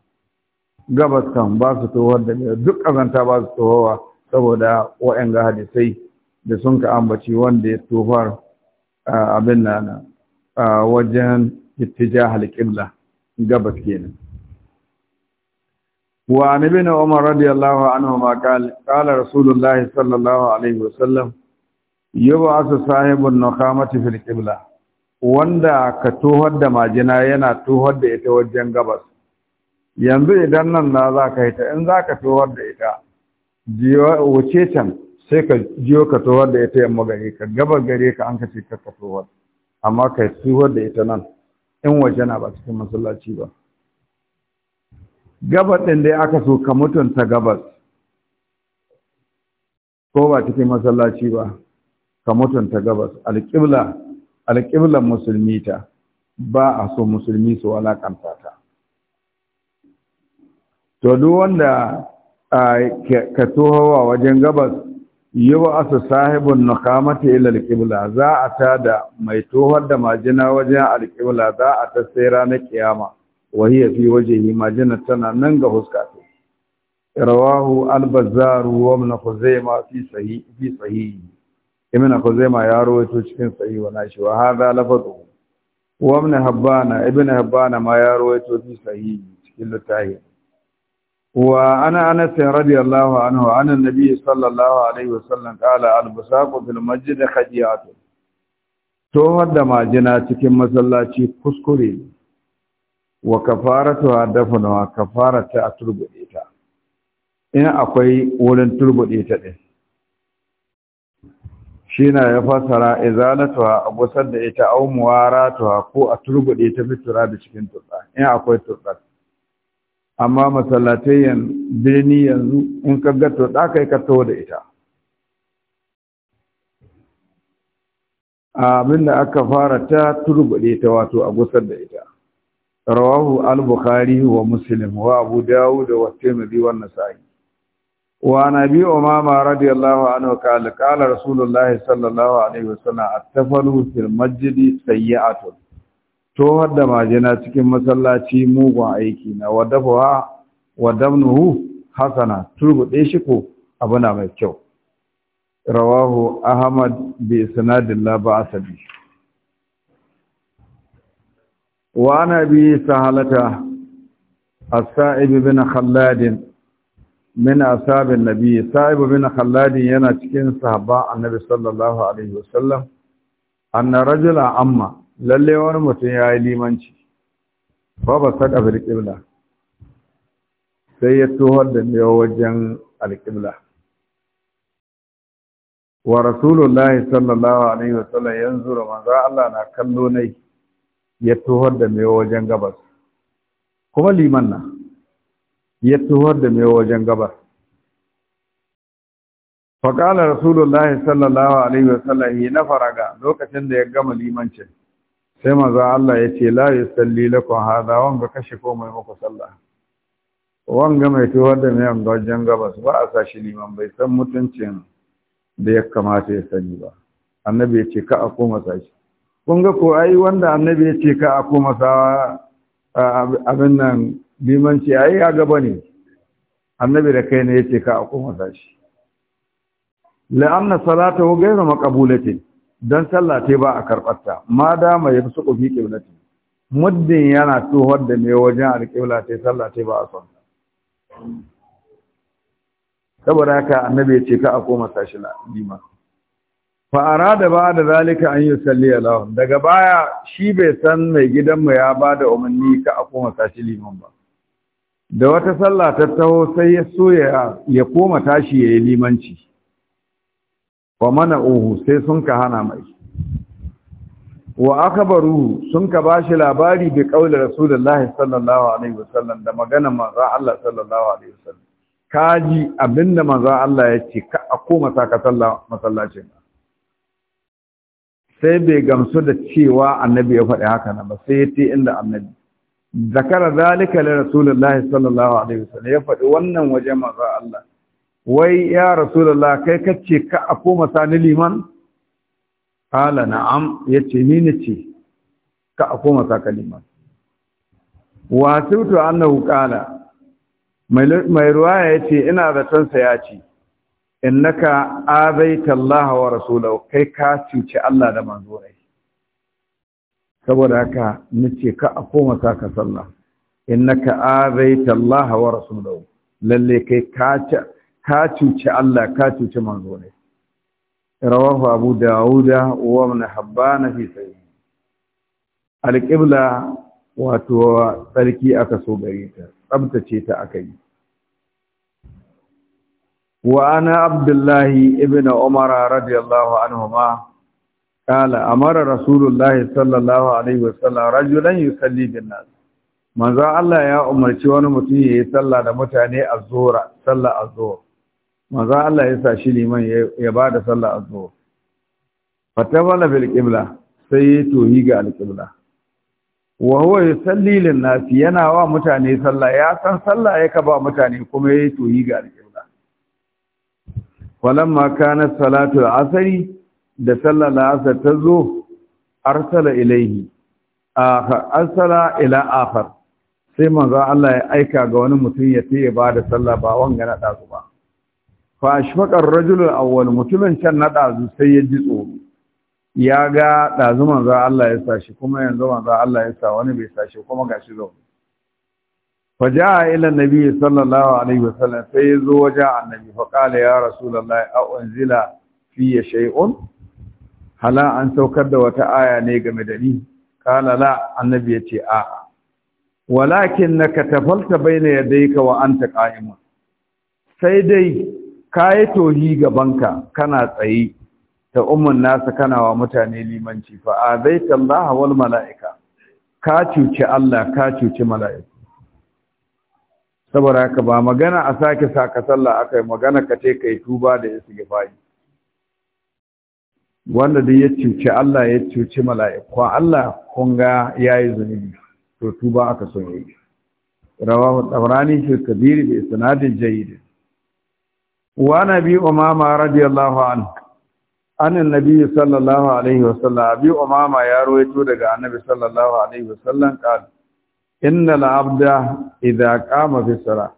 [SPEAKER 1] gabas kan ba su tohar da mewu duk kazanta ba su tohowa saboda ga hadisai da sun ka ambaci wanda ya tohar abin na wajen ittija halƙibla gabas kenan wa annabi na umar radiyallahu anhu ma qala rasulullahi sallallahu alaihi wasallam yawa su sahibin nukamati fil qibla wanda ka tohar da majina yana tohar da ita wajen gabas yanzu idan nan na za ka yi ta in za ka tohar da ita wuce can sai ka jiwa ka tohar da ita yamma gare ka gabar gare ka an ka ka ka tohar amma ka tohar da ita nan in waje na ba cikin masallaci ba gabar ɗin dai aka so ka mutunta gabas ko ba cikin masallaci ba ka mutunta gabas alƙibla alƙiblan musulmi ta ba a so musulmi su alaƙanta ta to duk wanda ka tohowa wajen gabas yau asu sahibin nukamata ila alƙibla za a ta da mai tohar da majina wajen alƙibla za a ta sai ranar kiyama wahiyya fi yi majina tana nan ga huska rawahu albazaru wa ibn khuzaimah fi fi sahihi ibn ma ya rawaito cikin sahih wa nashi wa hadha lafadhu wa ibn habbana ibn habbana ma ya rawaito fi sahih cikin litahi wa ana anas radiyallahu anhu anan nabiy sallallahu alaihi wasallam qala al-busaqu fil masjid khadiyatun towar da majina cikin masallaci kuskure wa kafaratu hadafuna wa kafaratu a turbude ta in akwai wurin turbude ta din shine ya fasara izalatuha a gusar da ita au muwaratuha ko a turbude ta fitura da cikin turɗa, in akwai turɗa amma masallatai birni yanzu in ka ga turɗa kai ka taho da ita abin da aka fara ta turbude ta wato a gusar da ita rawahu al-bukhari wa muslim wa abu dawud wa tirmidhi wa nasa'i wa nabi umama radiyallahu anhu qala qala rasulullahi sallallahu alaihi wasallam at-tafalu fil masjidi sayyi'atun to wadda majina cikin masallaci mugun aiki na wadafa wadamnuhu hasana turbude shi ko abuna mai kyau rawahu ahmad bi sanadin la asabi wa nabi sahalata as-sa'ib bin khalladin min ashabin nabi sa'ibu bin khallad yana cikin sahaba annabi sallallahu alaihi wasallam anna rajula amma lalle wani mutum ya yi limanci fa ba saka bil qibla sai ya tuhar da ne wajen alqibla wa rasulullahi sallallahu alaihi wasallam yanzu manzo Allah na kallo nai ya tuhar da me wajen gabas kuma liman nan. ya tuhar da mai wajen gabas. faƙalar Rasulullah sallallahu alaihi wasallam yi na faraga lokacin da ya gama limanci, sai maza Allah ya ce la yi salli lakon hada wanga kashe ko mai muku sallah wanga mai tuhar da mai wajen gabas ba a sa shi liman bai san mutuncin da ya kamata ya sani ba annabi ya ce ka a koma sashi kun ga ko ai wanda annabi ya ce ka a koma sa abin nan liman ce ai ya gaba ne annabi da kai ne yace ka a kuma tashi la'anna salata ghayra maqbulatin dan sallah tai ba a karbarta ma dama ya fusu fi kiblatin muddin yana tuhar da mai wajen alƙibla tai sallah ba a son saboda haka annabi yace ka a koma tashi liman fa'ara da ba da zalika an yi salli alahu daga baya shi bai san mai gidanmu ya ba da umarni ka a koma sashi liman ba da wata sallah ta taho sai ya so ya koma tashi ya yi limanci wa mana uhu sai sun ka hana mai wa akabaru sun ka bashi labari bi kauli rasulullahi sallallahu alaihi wasallam da magana manzo Allah sallallahu alaihi wasallam kaji abinda manzo Allah ya ce ka a koma saka sallah masallacin sai bai gamsu da cewa annabi ya faɗi haka na ba sai ya ce inda annabi zakara zalika li rasulillahi sallallahu alaihi wasallam ya faɗi wannan waje manzo Allah wai ya rasulullah kai kace ka a koma sani liman ala na'am yace ni ne ce ka a koma saka liman wa sautu annahu qala mai ruwaya yace ina san sa ya innaka azaita Allah wa rasulahu kai ka cuci Allah da manzo ne saboda haka nace ka a koma saka sallah innaka azaita Allah wa rasulahu lalle kai ka ka cuci Allah ka cuci manzo ne rawahu abu dauda wa ibn habban fi sahih alqibla wato tsarki aka so gare ta tsabtace ta aka yi wa ana abdullahi ibn umara radiyallahu anhuma kala amara rasulullahi sallallahu alaihi wasallam rajulan yusalli bin nas manzo Allah ya umarci wani mutum ya yi sallah da mutane az-zuhra sallah az-zuhr manzo Allah ya sa shi liman ya bada sallah az-zuhr fatabala bil qibla sai ya tohi ga al-qibla wa huwa yusalli lin nas yana wa mutane sallah ya san sallah yake ba mutane kuma ya tohi ga al-qibla walamma kanat salatu al-asri da sallar asar ta zo arsala ilaihi arsala ila afar sai manzo Allah ya aika ga wani mutum ya ce ya bada sallah ba wanga na dazu ba fa ashfaqar rajul alawwal mutumin can na dazu sai ya ji tsoro ya ga dazu manzo Allah ya sa shi kuma yanzu manzo Allah ya sa wani bai sa shi kuma gashi zo fa jaa ila nabi sallallahu alaihi wasallam sai ya zo waje annabi fa qala ya rasulullahi a unzila fiye shay'un hala an saukar da wata aya ne game da ni kala la annabi ya ce a'a walakin na ka tafalta bai na yadda ka wa an ta sai dai ka yi tohi gabanka kana tsaye ta umar nasa kana wa mutane limanci fa a zai talla wal mala'ika ka cuci Allah ka cuci mala'iku saboda haka ba magana a sake saka sallah aka yi magana ka ce ka yi tuba da isi wanda dai ya cuci Allah ya cuci mala'ikwa Allah kun ga yayi zunubi to tuba aka so yayi rawahu tabrani fi kabir da isanadin jayidi wa na bi umama radiyallahu anhu na nabi sallallahu alaihi wasallam biyu umama ya rawaito daga annabi sallallahu alaihi wasallam qala innal abda idza qama fi salat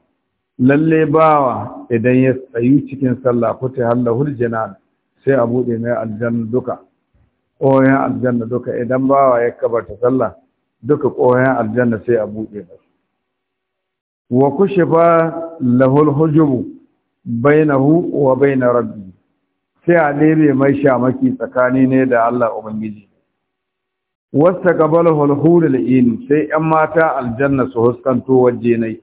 [SPEAKER 1] lalle bawa idan ya tsayu cikin sallah kuti hallahul janan sai a buɗe mai aljanna duka ƙoyon aljanna duka idan bawa ya kabarta sallah duka ƙoyon aljanna sai a buɗe mai wa ba lahul hujubu bainahu wa na rabbi sai a lebe mai shamaki tsakani ne da Allah ubangiji wasta qabalahu al da in sai 'yan mata aljanna su huskanto waje nai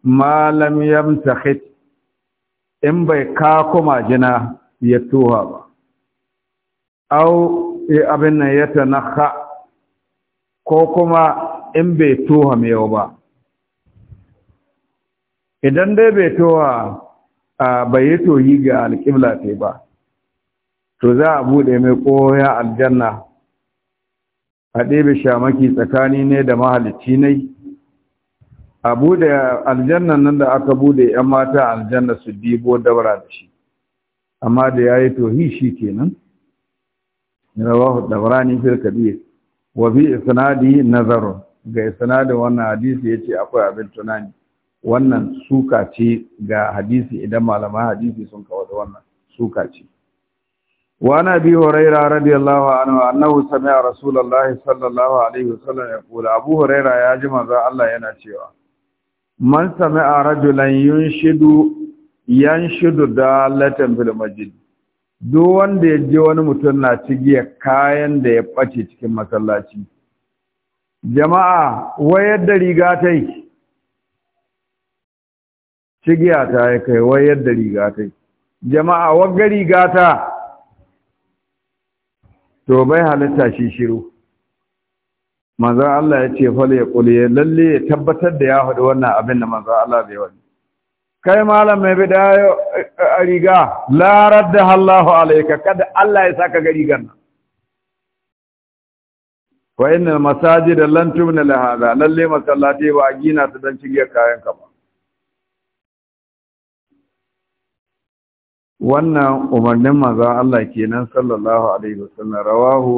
[SPEAKER 1] malam ta hit in bai ka kuma jina ya tuha ba au eh, abin nan ya ta naka ko kuma in bai tuha yau ba idan dai bai tuha bai yi tohi ga alƙibla ta ba to za a buɗe mai ƙoya aljanna a ɗebe shamaki tsakani ne da mahalicci nai? a bude aljannan nan da aka bude yan mata aljanna su dibo dabara da shi amma da yayi tohi shi kenan rawahu dabrani fil kabir wa bi isnadi nazar ga isnadi wannan hadisi yace akwai abin tunani wannan suka ce ga hadisi idan malaman hadisi sun kawo da wannan suka ce wa ابي bi huraira radiyallahu anhu annahu سمع rasulullahi sallallahu alaihi wasallam ya kula, يقول ابو ya ji جماعه Allah yana cewa man sami'a rajulan yunshidu yanshidu dalatan fil masjid duk wanda ya je wani mutum na cigiya kayan da ya ɓace cikin masallaci jama'a wayar da riga ta yi cigiya ta ya kai wayar da riga ta yi jama'a wagga riga ta to bai halitta shi shiru manzan Allah ya ce fal ya kuli lalle ya tabbatar da ya haɗu wannan abin da manzan Allah bai wani kai malam mai a riga Larar da Allahu alaika. kada Allah ya sa ka gari nan. wa inna masajid lan tumna na lahaza, lalle masallati ba a gina ta dan cigiyar kayan ka ba wannan umarnin manzan Allah kenan sallallahu alaihi wasallam rawahu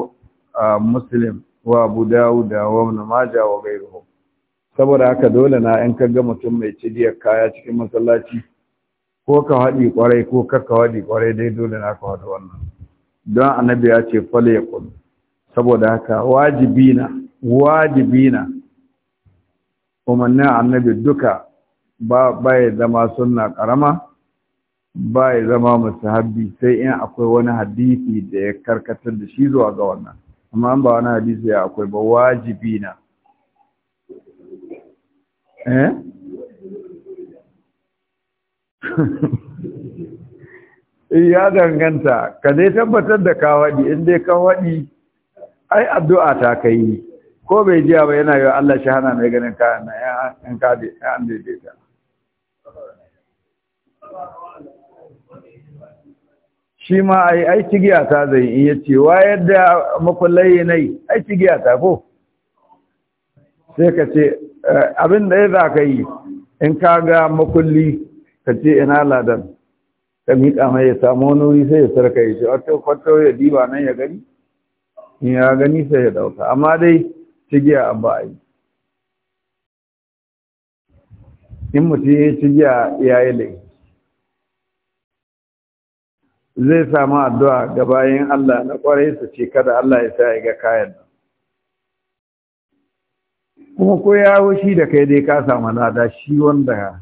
[SPEAKER 1] ah, muslim wa abu dawud wa ibn majah wa ghayruhum saboda haka dole na in kaga mutum mai cidiyar kaya cikin masallaci ko ka haɗi kwarai ko kakka haɗi kwarai dai dole na ka haɗu wannan don annabi ya ce fal yaqul saboda haka wajibina wajibina umarnin annabi duka ba ya zama sunna karama ba ya zama musahabi sai in akwai wani hadisi da ya karkatar da shi zuwa ga wannan amma an ba wani hadisi ya akwai ba wajibi na eh, eh ya danganta ka dai tabbatar da ka kawadi in dai kawadi ai addu'a ta kai ko bai jiya ba yana yi Allah shi hana mai ganin kayan na ya an ya an daidaita shi ma ai yi cigiya ta zai iya cewa yadda makullai ne ai cigiya ta ko sai ka ce eh, abin da ya za ka yi in ka ga makulli ka ce ina ladan ka miƙa mai ya samu nuri sai ya sarka ya ce wata kwato ya diba nan ya gani in ya gani sai ya ɗauka amma dai cigiya a ba yi in mutum ya cigiya ya yi laifi zai samu addu'a ga bayan Allah na kwarai su ce kada Allah ya sa ga kayan nan kuma ko ya wushi da kai dai ka samu lada shi wanda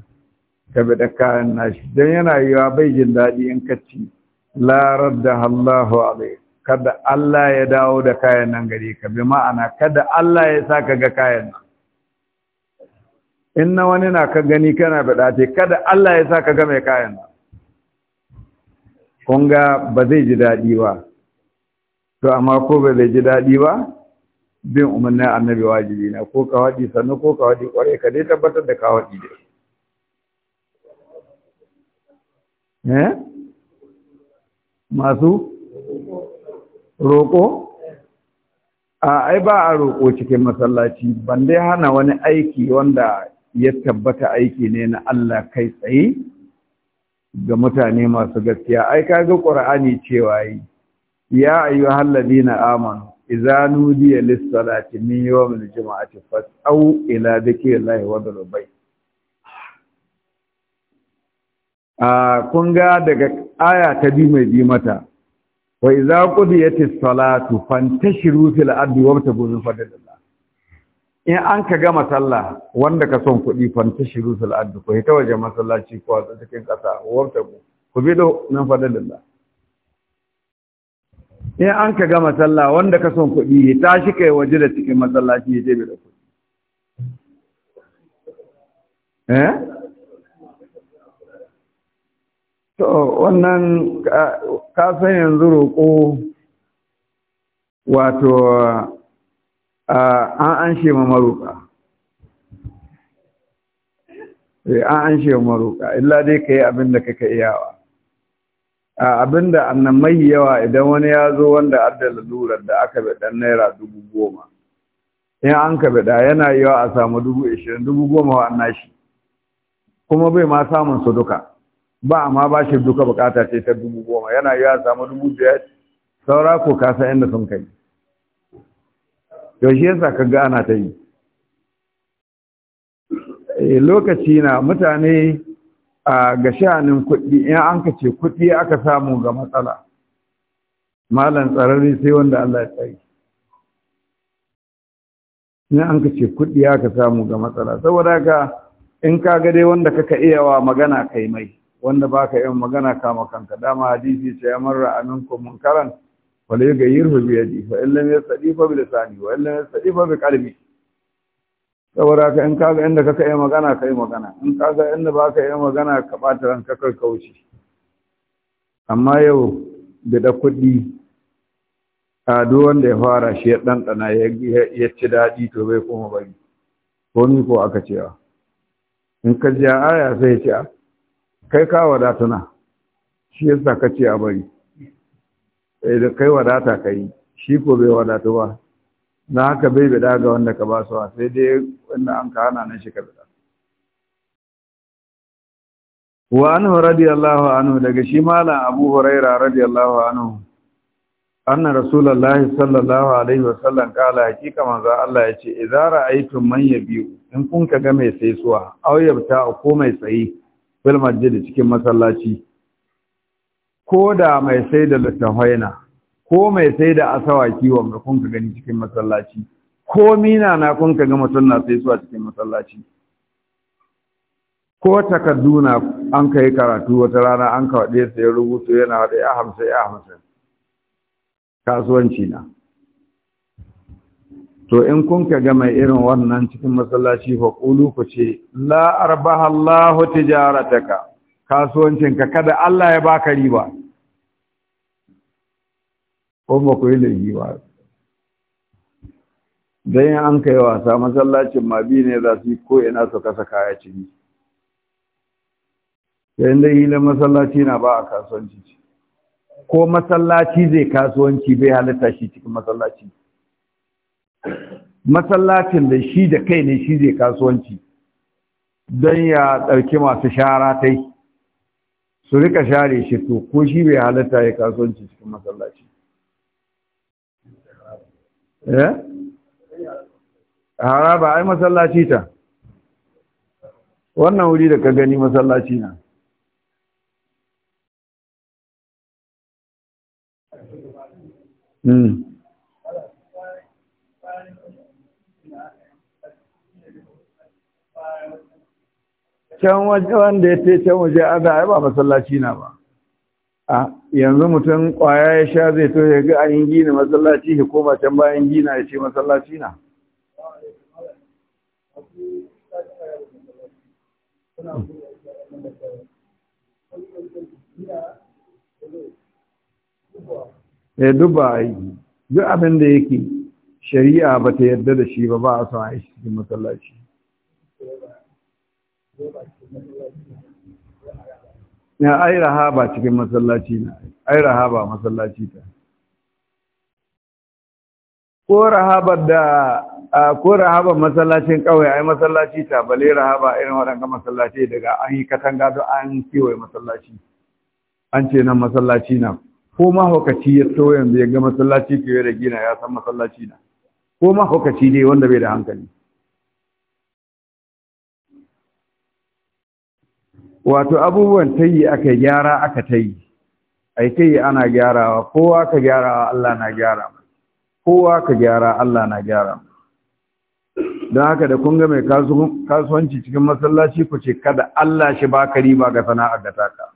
[SPEAKER 1] ka bi da kayan nashi don yana wa bai jin daɗi in kacci, larar da Allahu alaihi kada Allah ya dawo da kayan nan gare ka bi ma'ana kada Allah ya sa ka ga kayan nan in na wani na ka gani kana faɗa ce kada Allah ya sa ka ga mai kayan nan kun ba zai ji daɗi ba to amma ko ba zai ji daɗi ba bin umarnin annabi wajibi na ko ka waɗi sannu ko ka waɗi ƙwarai ka dai tabbatar da ka waɗi dai eh masu roƙo a ai ba a roƙo cikin masallaci ban dai hana wani aiki wanda ya tabbata aiki ne na Allah kai tsaye ga mutane masu gaskiya ai kaga qur'ani cewa yi ya ayu halladina amanu idza nudiya lis-salati min yawmil jumu'ati fas'au ila dhikrillahi wa dhil a kun ga daga aya ta bi mai bi mata wa idza qudiyatis salatu fantashiru fil ardi wa tabuzu fadlillah in an ka gama sallah wanda ka son kuɗi fanta shiru fil ardi ko ita waje masallaci ko a cikin ƙasa warta ku ku bi do nan fadalillah in an ka gama sallah wanda ka son kuɗi ta shi kai waje da cikin masallaci ya je da kuɗi eh to wannan ka san yanzu roƙo wato an eh, an she ma an an she ma illa dai ka yi abin da kake iyawa abin da annan mai yawa idan wani ya zo wanda adda durar da aka bi dan naira dubu in an ka da yana yawa a samu dubu ishirin dubu goma wa annashi kuma bai ma samun su duka ba amma ba shi duka bukata ce ta dubu goma yana yawa a samu dubu biyar saura ko kasa inda sun kai yaushe yasa ka ga ana ta yi eh, lokaci na mutane a ga sha'anin kuɗi in an ka ce kuɗi aka samu ga matsala malam tsararri sai wanda Allah ya tsari in an ka ce kuɗi aka samu ga matsala saboda ka in ka ga dai wanda kaka iya wa magana kai mai wanda baka yin magana kama kanka dama hadisi sai ya marra aminkum munkaran fala ya gayyar hu bi yadi fa illam yastadi fa bi lisani wa illam yastadi fa bi qalbi saboda ka in kaga inda kaka yi magana ka yi magana in kaga inda ba ka yi magana ka bata ran ka kauce amma yau da da kuɗi a duk wanda ya fara shi ya ɗanɗana ya ci daɗi to bai koma bari ko ni ko aka cewa in ka ji aya sai ya ce kai ka wadatuna shi yasa ka ce a bari Eh, da kai wadata ka yi shi ko bai wadata ba na haka bai bida ga wanda ka ba su sai dai wanda an ka hana nan shi ka bida wa anhu radiyallahu anhu daga shi malam abu huraira radiyallahu anhu anna rasulullahi sallallahu alaihi wa sallam kala hakika manzo Allah yace idza ra'aytum man yabiu in kun ka ga mai suwa aw yabta ko mai sayi fil masjid cikin masallaci ko da mai sai da littafai ko mai sai da asawaki wanda kun ka gani cikin masallaci ko mina na kun ka ga mutum na sai suwa cikin masallaci ko takarduna an kai karatu wata rana an ka waɗe sai rubutu yana da ya hamsin ya hamsin kasuwanci na to in kun ka ga mai irin wannan cikin masallaci fa qulu ku ce la arbaha tijarataka kasuwancinka kada Allah ya baka riba ko ba ku yi laifi ba don yin an kai wasa masallacin ma biyu ne za su yi ko ina su kasa kaya ciki yayin da hilin masallaci na ba a kasuwanci ko masallaci zai kasuwanci bai halitta shi cikin masallaci masallacin da shi da kai ne shi zai kasuwanci don ya ɗauki masu shara tai su rika share shi to ko shi bai halitta ya kasuwanci cikin masallaci eh haraba ai masallaci ta wannan wuri da ka gani masallaci na Mm. can wanda ya ce can waje aza ai ba masallaci na ba a yanzu mutum kwaya ya sha zai to ya ga an gina masallaci ya koma can bayan gina ya ce masallaci na ya eh, duba aiki duk abin da yake shari'a ba ta yarda da shi ba ba a son a yi cikin masallaci na ai rahaba cikin masallaci na ai rahaba masallaci ta ko rahabar da ko rahabar masallacin kawai ai masallaci ta bale rahaba irin waɗannan masallaci daga an yi katanga don an kewaye masallaci an ce nan masallaci na ko mahaukaci ya so yanzu ya ga masallaci fiye da gina ya san masallaci na ko ma mahaukaci dai wanda bai da hankali wato abubuwan ta yi aka gyara aka ta yi, ai yi ana gyarawa kowa ka gyarawa Allah na gyara kowa ka gyara Allah na gyara don haka da kunga mai kasuwanci cikin masallaci ku ce kada Allah shi ba ka riba ga sana'a da taka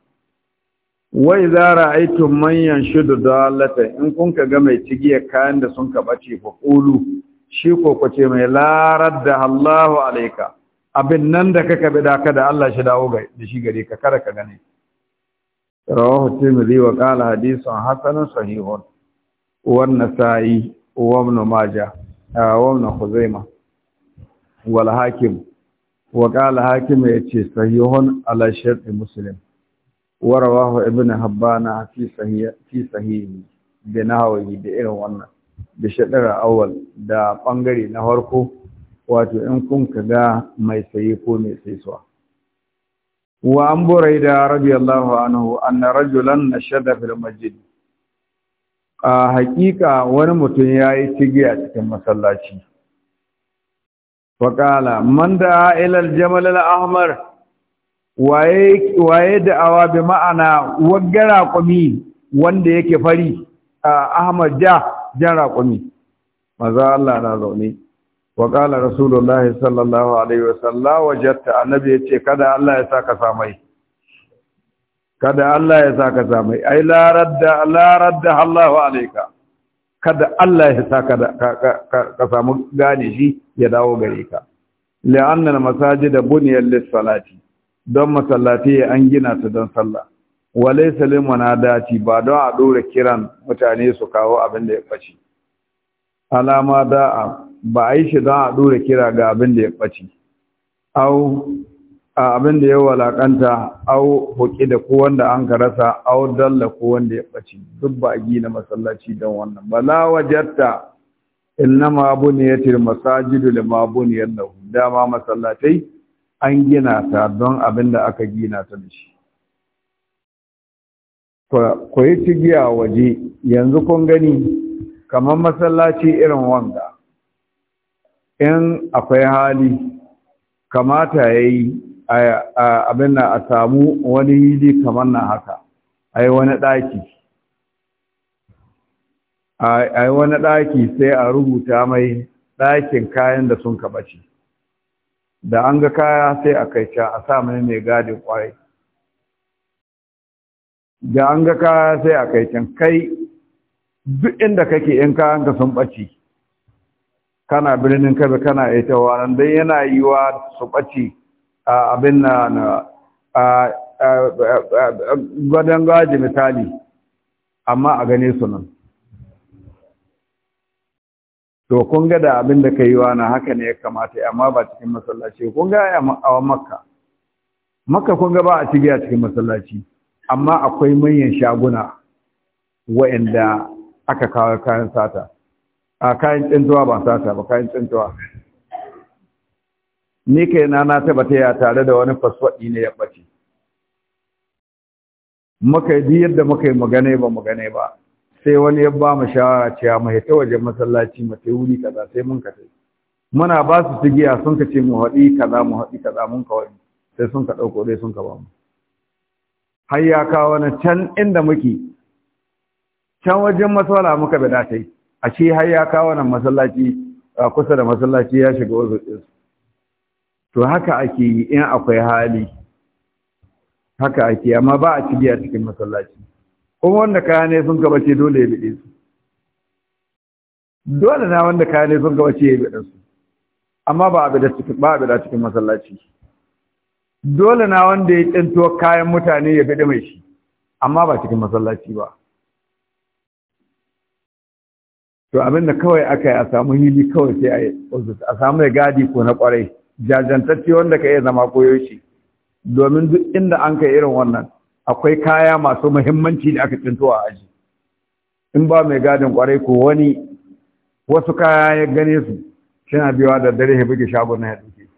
[SPEAKER 1] wai za ra'aitun manyan shudu dalata in kun ka ga mai cigiyar kayan da sun ka bace ku ƙulu shi ko ku ce mai larar da Allahu alaika abin nan da kaka bi da ka da Allah shi dawo da shi gare ka kada ka gane rawahu tirmidhi wa qala hadithun hasanun sahihun wa an-nasa'i wa ibn majah wa ibn khuzaimah al hakim wa qala hakim yace sahihun ala shart muslim wa rawahu ibn habban fi sahih fi sahih bi nahwi da irin wannan da shadara awwal da bangare na farko wato in kun ka ga mai saye ko mai saisuwa wa an da Allah anahu an na rajulan nashada fil firmajin. a hakika wani mutum ya yi yayi a cikin masallaci faqala man da ilal al-jamal ahmar waye da da'awa bi ma'ana wagga raƙumi wanda yake fari a ahmar ja jan raƙumi. maza Allah na zaune wa qala rasulullahi sallallahu alaihi wasallam wajatta annabi yace kada Allah ya saka samai kada Allah ya saka samai ai la radda la radda Allah alayka kada Allah ya saka ka samu gane shi ya dawo gare ka la'anna al-masajida buniyat lis-salati don masallati an gina ta don sallah walai salim wanadati ba don a dora kiran mutane su kawo abin da ya fashi alama da'a ba a yi shi don a ɗora kira ga abin da ya ɓace. au abin da ya walakanta au hoƙi da ko wanda an ka rasa au dalla ko wanda ya ɓace duk ba a gina masallaci don wannan ba la wajatta innama buniyatil masajidu lima buniyat lahu dama masallatai an gina ta don abin da aka gina ta da shi ku yi cigiya waje yanzu kun gani kamar masallaci irin wanga in akwai hali kamata ya yi abin na a samu wani hili kamar na haka a yi wani ɗaki a yi wani ɗaki sai a rubuta mai ɗakin kayan da sun kaɓaci da an ga kaya sai a kai can a sa mai mai gadin ƙwarai da an ga kaya sai a kai can kai duk inda kake in kayan ka sun ɓace. kana birnin kabe kana ita nan dan yana yiwa su bace abin na na gwadon gaji misali amma a gane su nan to kun ga da abin da ka yiwa na haka ne ya kamata amma ba cikin masallaci kun ga a makka makka kun ga ba a cige a cikin masallaci amma akwai manyan shaguna wa'anda aka kawo kayan sata a kayan tsintuwa ba sata ba kayan tsintuwa ni kai na na taba ya tare da wani fasfaɗi ne ya ɓace muka yi yadda muka yi magane ba magane ba sai wani ya ba mu shawara cewa mu ta wajen masallaci mu ta wuri kaza sai mun ka tai muna ba su tigiya sun ka ce mu haɗi kaza mu haɗi kaza mun ka wani sai sun ka ɗauko dai sun ka ba mu har ya kawo na can inda muke can wajen masala muka bi yi. a ce har ya kawo nan masallaci kusa da masallaci ya shiga ofis to haka ake yi in akwai hali haka ake amma ba a cibiya cikin masallaci kuma wanda kaya ne sun gabace dole ya bide su dole na wanda kaya ne sun gabace ya bide su amma ba a bida cikin ba a bida cikin masallaci dole na wanda ya tsinto kayan mutane ya bide mai shi amma ba cikin masallaci ba to da kawai aka yi a samu hili kawai sai a a samu ya gadi ko na kwarai jajantacce wanda ka iya zama koyoshi domin duk inda an kai irin wannan akwai kaya masu muhimmanci da aka cinto a aji in ba mai gadin kwarai ko wani wasu kaya ya gane su shina biyawa da dare ya buge shagon na haɗuke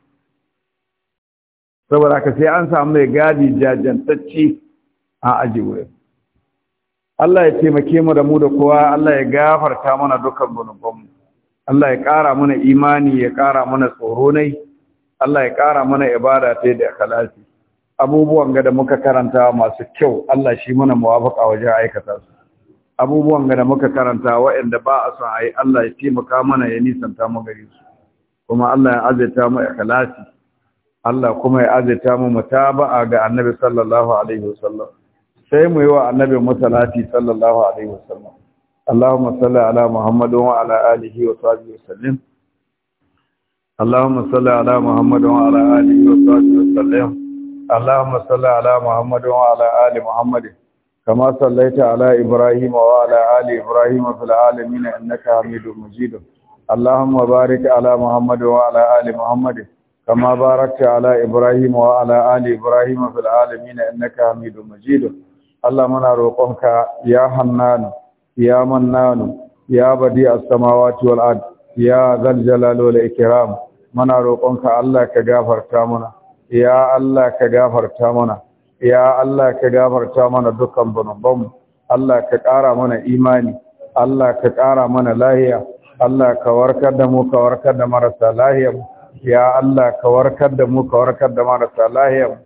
[SPEAKER 1] saboda ka sai an samu mai gadi jajantacce a aji wurin Allah ya taimake mu da mu da kowa Allah ya gafarta mana dukkan gunubanmu Allah ya ƙara mana imani ya ƙara mana tsoro nai Allah ya kara mana ibada ta da ikhlasi abubuwan ga da muka karanta masu kyau Allah shi mana muwafaqa wajen aikata su abubuwan ga da muka karanta waɗanda ba a son ayi Allah ya taimaka mana ya nisanta mu gare su kuma Allah ya azaita mu ikhlasi Allah kuma ya azaita mu mutaba'a ga Annabi sallallahu alaihi wasallam sai mu yi wa annabi masalati sallallahu alaihi wasallam Allahumma salli ala Muhammadin wa ala alihi wa sahbihi wasallim Allahumma salli ala Muhammadin wa ala alihi wa sahbihi wasallim Allahumma salli ala Muhammadin wa ala ali Muhammadin كما صليت على إبراهيم وعلى آل إبراهيم في العالمين إنك حميد مجيد اللهم بارك على محمد وعلى آل kama كما باركت على إبراهيم وعلى آل إبراهيم في العالمين إنك حميد Allah muna roƙonka ya hannanu ya mannanu ya badi as-samawati wal ard ya zal jalali wal ikram muna roƙonka Allah ka gafarta mana ya Allah ka gafarta mana ya Allah ka gafarta mana dukkan zunubanmu Allah ka ƙara mana imani Allah ka ƙara mana lahiya Allah ka warkar da mu ka warkar da marasa lahiya ya Allah ka warkar da mu ka warkar da marasa lahiya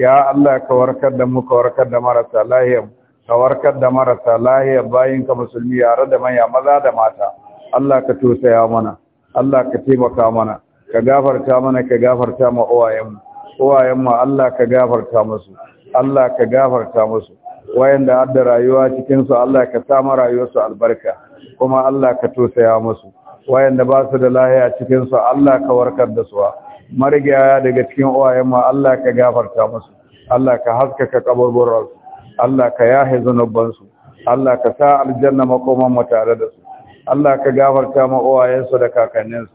[SPEAKER 1] ya Allah ka warkar da mu ka warkar da marasa lahiya ka warkar da marasa lahiya bayin ka musulmi yare da manya maza da mata Allah ka tosaya mana Allah ka taimaka mana ka gafarta mana ka gafarta ma uwayenmu uwayenmu Allah ka gafarta musu Allah ka gafarta musu wayanda adda rayuwa cikin su Allah ka sa ma rayuwarsu albarka kuma Allah ka tosaya musu wayanda ba su da lahiya cikin su Allah ka warkar da su marigaya daga cikin uwayen ma Allah ka gafarta musu Allah ka haskaka kaburburansu Allah ka yahe zunubansu Allah ka sa aljanna makoman mu tare da su Allah ka gafarta ma su da kakanninsu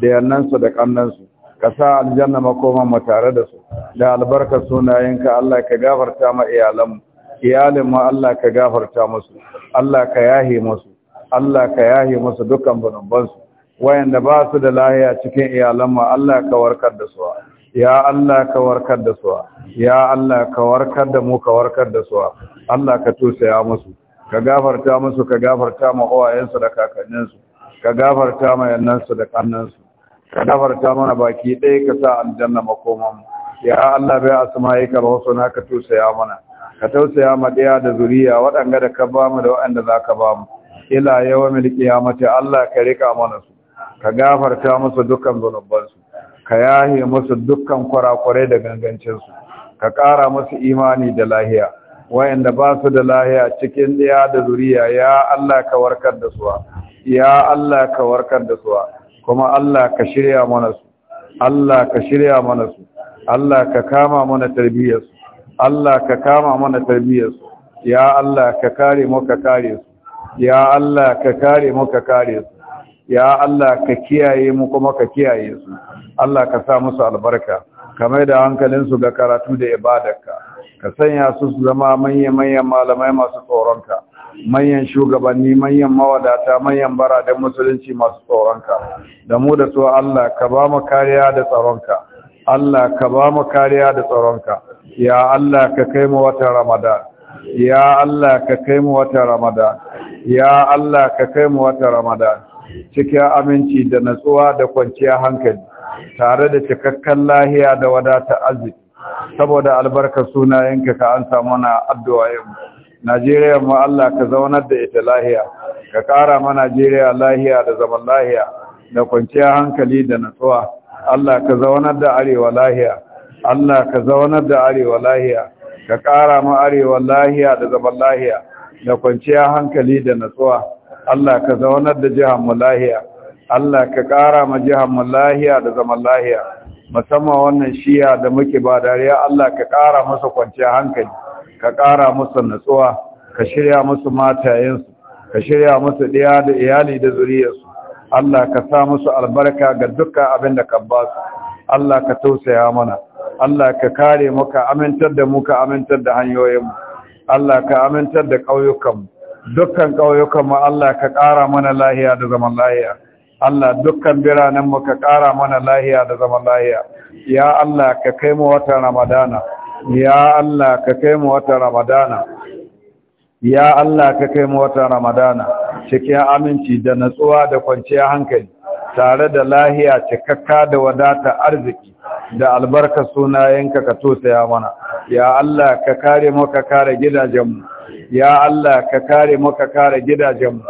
[SPEAKER 1] da yannansu da kannansu ka sa aljanna makoman mu tare da su da albarkar sunayenka Allah ka gafarta ma iyalanmu iyalin ma Allah ka gafarta musu Allah ka yahe musu Allah ka yahe musu dukkan zunubansu wayanda ba su da lahiya cikin iyalanmu Allah ka warkar da su ya Allah ka warkar da su ya Allah ka warkar da mu ka warkar da su Allah ka tusaya musu ka gafarta musu ka gafarta ma uwayensu da kakanninsu ka gafarta ma su da su, ka gafarta mana baki ɗaya ka sa aljanna makoman ya Allah bai asma'ika na ka tusaya mana ka tausaya ma ɗaya da zuriya waɗanga da ka ba mu da waɗanda za ka ba mu ila yawan qiyamati Allah ka rika mana su ka gafarta musu dukkan zunubansu ka yahe musu dukkan kwarakwarai da gangancinsu ka ƙara musu imani da lahiya wayanda ba su da lahiya cikin ɗaya da zuriya ya Allah ka warkar da suwa ya Allah ka warkar da suwa kuma Allah ka shirya mana su Allah ka shirya mana su Allah ka kama mana tarbiyyar su Allah ka kama mana tarbiyyar su ya Allah ka kare mu ka kare su ya Allah ka kare mu ka kare su ya Allah ka kiyaye mu kuma ka kiyaye su Allah ka sa musu albarka ka mai da su ga karatu da ibadarka ka sanya su su zama manyan-manyan malamai masu tsoronka manyan shugabanni manyan mawadata manyan da musulunci masu tsoronka da mu da su Allah ka ba mu kariya da tsoronka. Allah ka ba mu kariya da tsoronka. ya Allah ka kai mu watan Ramadan ya Allah ka kai mu wata Ramadan ya Allah ka kai mu watan Ramadan cikin aminci da natsuwa da kwanciya hankali tare da cikakken lahiya da wadata arziki saboda albarka sunayenka ka an samu na addu'a yau Najeriya mu Allah ka zaunar da ita lahiya ka ƙara ma Najeriya lahiya da zaman lahiya da kwanciya hankali da natsuwa Allah ka zaunar da arewa lahiya Allah ka zaunar da arewa lahiya ka ƙara ma arewa lahiya da zaman lahiya da kwanciya hankali da natsuwa Allah ka zaunar da jihar mu lahiya Allah ka ƙara ma jihar mu lahiya da zaman lahiya musamman wannan shiya da muke ba dariya Allah ka ƙara musu kwanciyar hankali ka ƙara musu natsuwa ka shirya musu matayensu ka shirya musu ɗiya da iyali da zuriyarsu Allah ka sa musu albarka ga dukkan abin da ka ba su Allah ka tausaya mana Allah ka kare ka amintar da ka amintar da hanyoyinmu Allah ka amintar da ƙauyukanmu dukkan ƙauyukan mu Allah ka ƙara mana lahiya da zaman lahiya Allah dukkan biranen mu ka ƙara mana lahiya da zaman lahiya ya Allah ka kai mu wata Ramadana ya Allah ka kai mu wata Ramadana ya Allah ka kai mu wata Ramadana cikin aminci da natsuwa da kwanciyar hankali tare da lahiya cikakka da wadata arziki da albarka sunayenka ka tosaya mana ya Allah ka kare mu ka kare gidajenmu ya Allah ka kare mu ka kare gidajenmu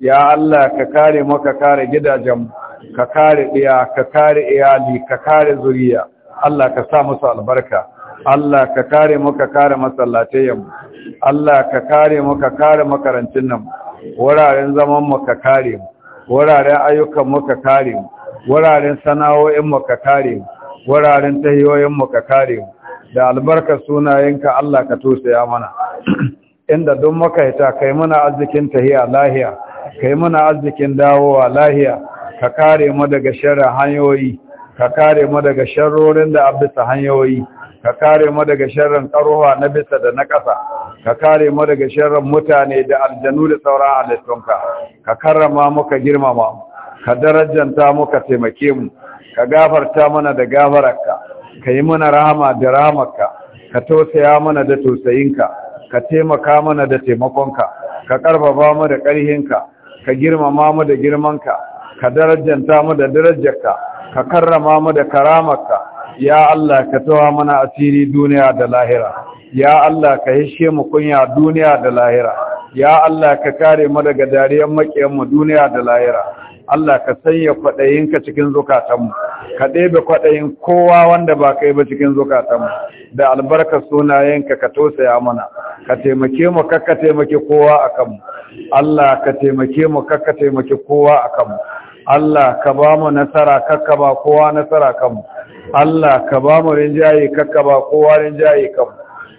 [SPEAKER 1] ya Allah ka kare mu ka kare gidajenmu ka kare iya ka kare iyali ka kare zuriya Allah ka sa musu albarka Allah ka kare mu ka kare masallatayenmu Allah ka kare mu ka kare makarantun nan wuraren zaman mu ka kare mu wuraren ayyukan mu ka kare mu wuraren sana'o'in mu ka kare mu wuraren tahiyoyinmu ka kare mu da albarkar sunayenka Allah ka tosaya mana inda duk makaita kai muna arzikin tahiya lahiya kai muna arzikin dawowa lahiya ka kare mu daga sharrin hanyoyi ka kare mu daga sharrorin da abisa hanyoyi ka kare mu daga sharrin karuwa na bisa da na ƙasa ka kare mu daga sharrin mutane da aljanu da sauran halittunka ka karrama muka girmama ka darajanta muka taimake mu ka gafarta mana da gafararka ka yi mana rahama da rahamarka ka tausaya mana da tausayinka ka taimaka mana da taimakonka ka karfafa mu da ƙarhinka ka girmama mu da girmanka ka darajanta mu da darajarka ka karrama mu da karamarka ya Allah ka tawa mana asiri duniya da lahira ya Allah ka hishe mu kunya duniya da lahira ya Allah ka kare mu daga dariyar makiyan mu duniya da lahira Allah ka sanya kwaɗayinka cikin zukatanmu ka ɗebe kwaɗayin kowa wanda ba ka yi ba cikin zukatanmu da albarka sunayenka ka tosaya mana ka taimake mu kakka taimake kowa a kanmu Allah ka taimake mu kakka taimake kowa a kanmu Allah ka ba mu nasara kakka ba kowa nasara kanmu Allah ka ba mu rinjaye kakka ba kowa rinjaye kanmu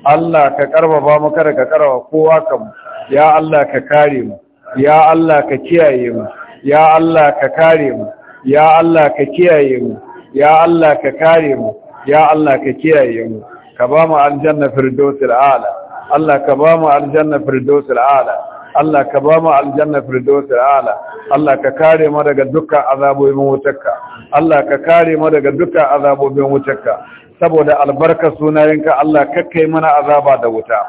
[SPEAKER 1] Allah ka karfafa mu kada ka karfafa kowa kanmu ya Allah ka kare mu ya Allah ka kiyaye mu ya Allah ka kare mu ya Allah ka kiyaye mu ya Allah ka kare mu ya Allah ka kiyaye mu ka ba mu aljanna firdausul a'la Allah ka ba mu aljanna firdausul a'la Allah ka ba mu aljanna firdausul a'la Allah ka kare mu daga dukkan azabobin wutarka Allah ka kare mu daga dukkan azabobin wutarka saboda albarkar sunayenka Allah kakkai mana azaba da wuta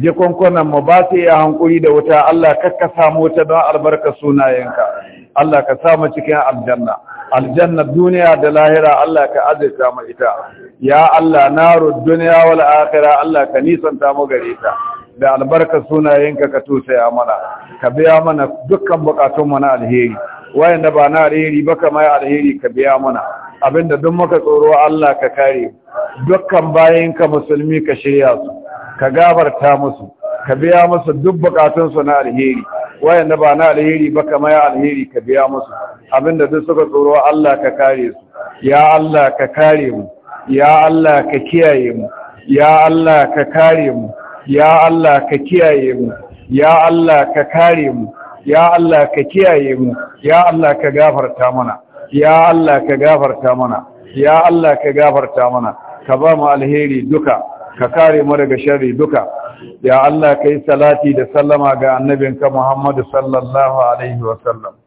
[SPEAKER 1] jikunkunan mu ba su iya hankuri da wuta Allah kakka samu wuta don albarkar sunayenka Allah ka samu cikin aljanna aljanna duniya da lahira Allah ka azurta mu ita ya Allah naru duniya wal akhira, Allah ka nisanta mu gare ta da albarkar sunayenka ka tusaya mana ka biya mana dukkan bukatunmu na alheri wayanda ba na alheri ba kamar alheri ka biya mana abinda duk muka tsoro Allah ka kare dukkan bayanka musulmi ka shirya su ka gabarta musu ka biya musu duk bukatunsu na alheri wayanda ba na alheri ba kama ya alheri ka biya musu abinda duk suka tsoro Allah ka kare su ya Allah ka kare mu ya Allah ka kiyaye mu ya Allah ka kare mu ya Allah ka kiyaye mu ya Allah ka kare mu ya Allah ka kiyaye mu ya Allah ka gafarta mana ya Allah ka gafarta mana ya Allah ka gafarta mana ka ba mu alheri duka ka kare mu daga sharri duka ya Allah kai salati da sallama ga annabinka Muhammad sallallahu alaihi wa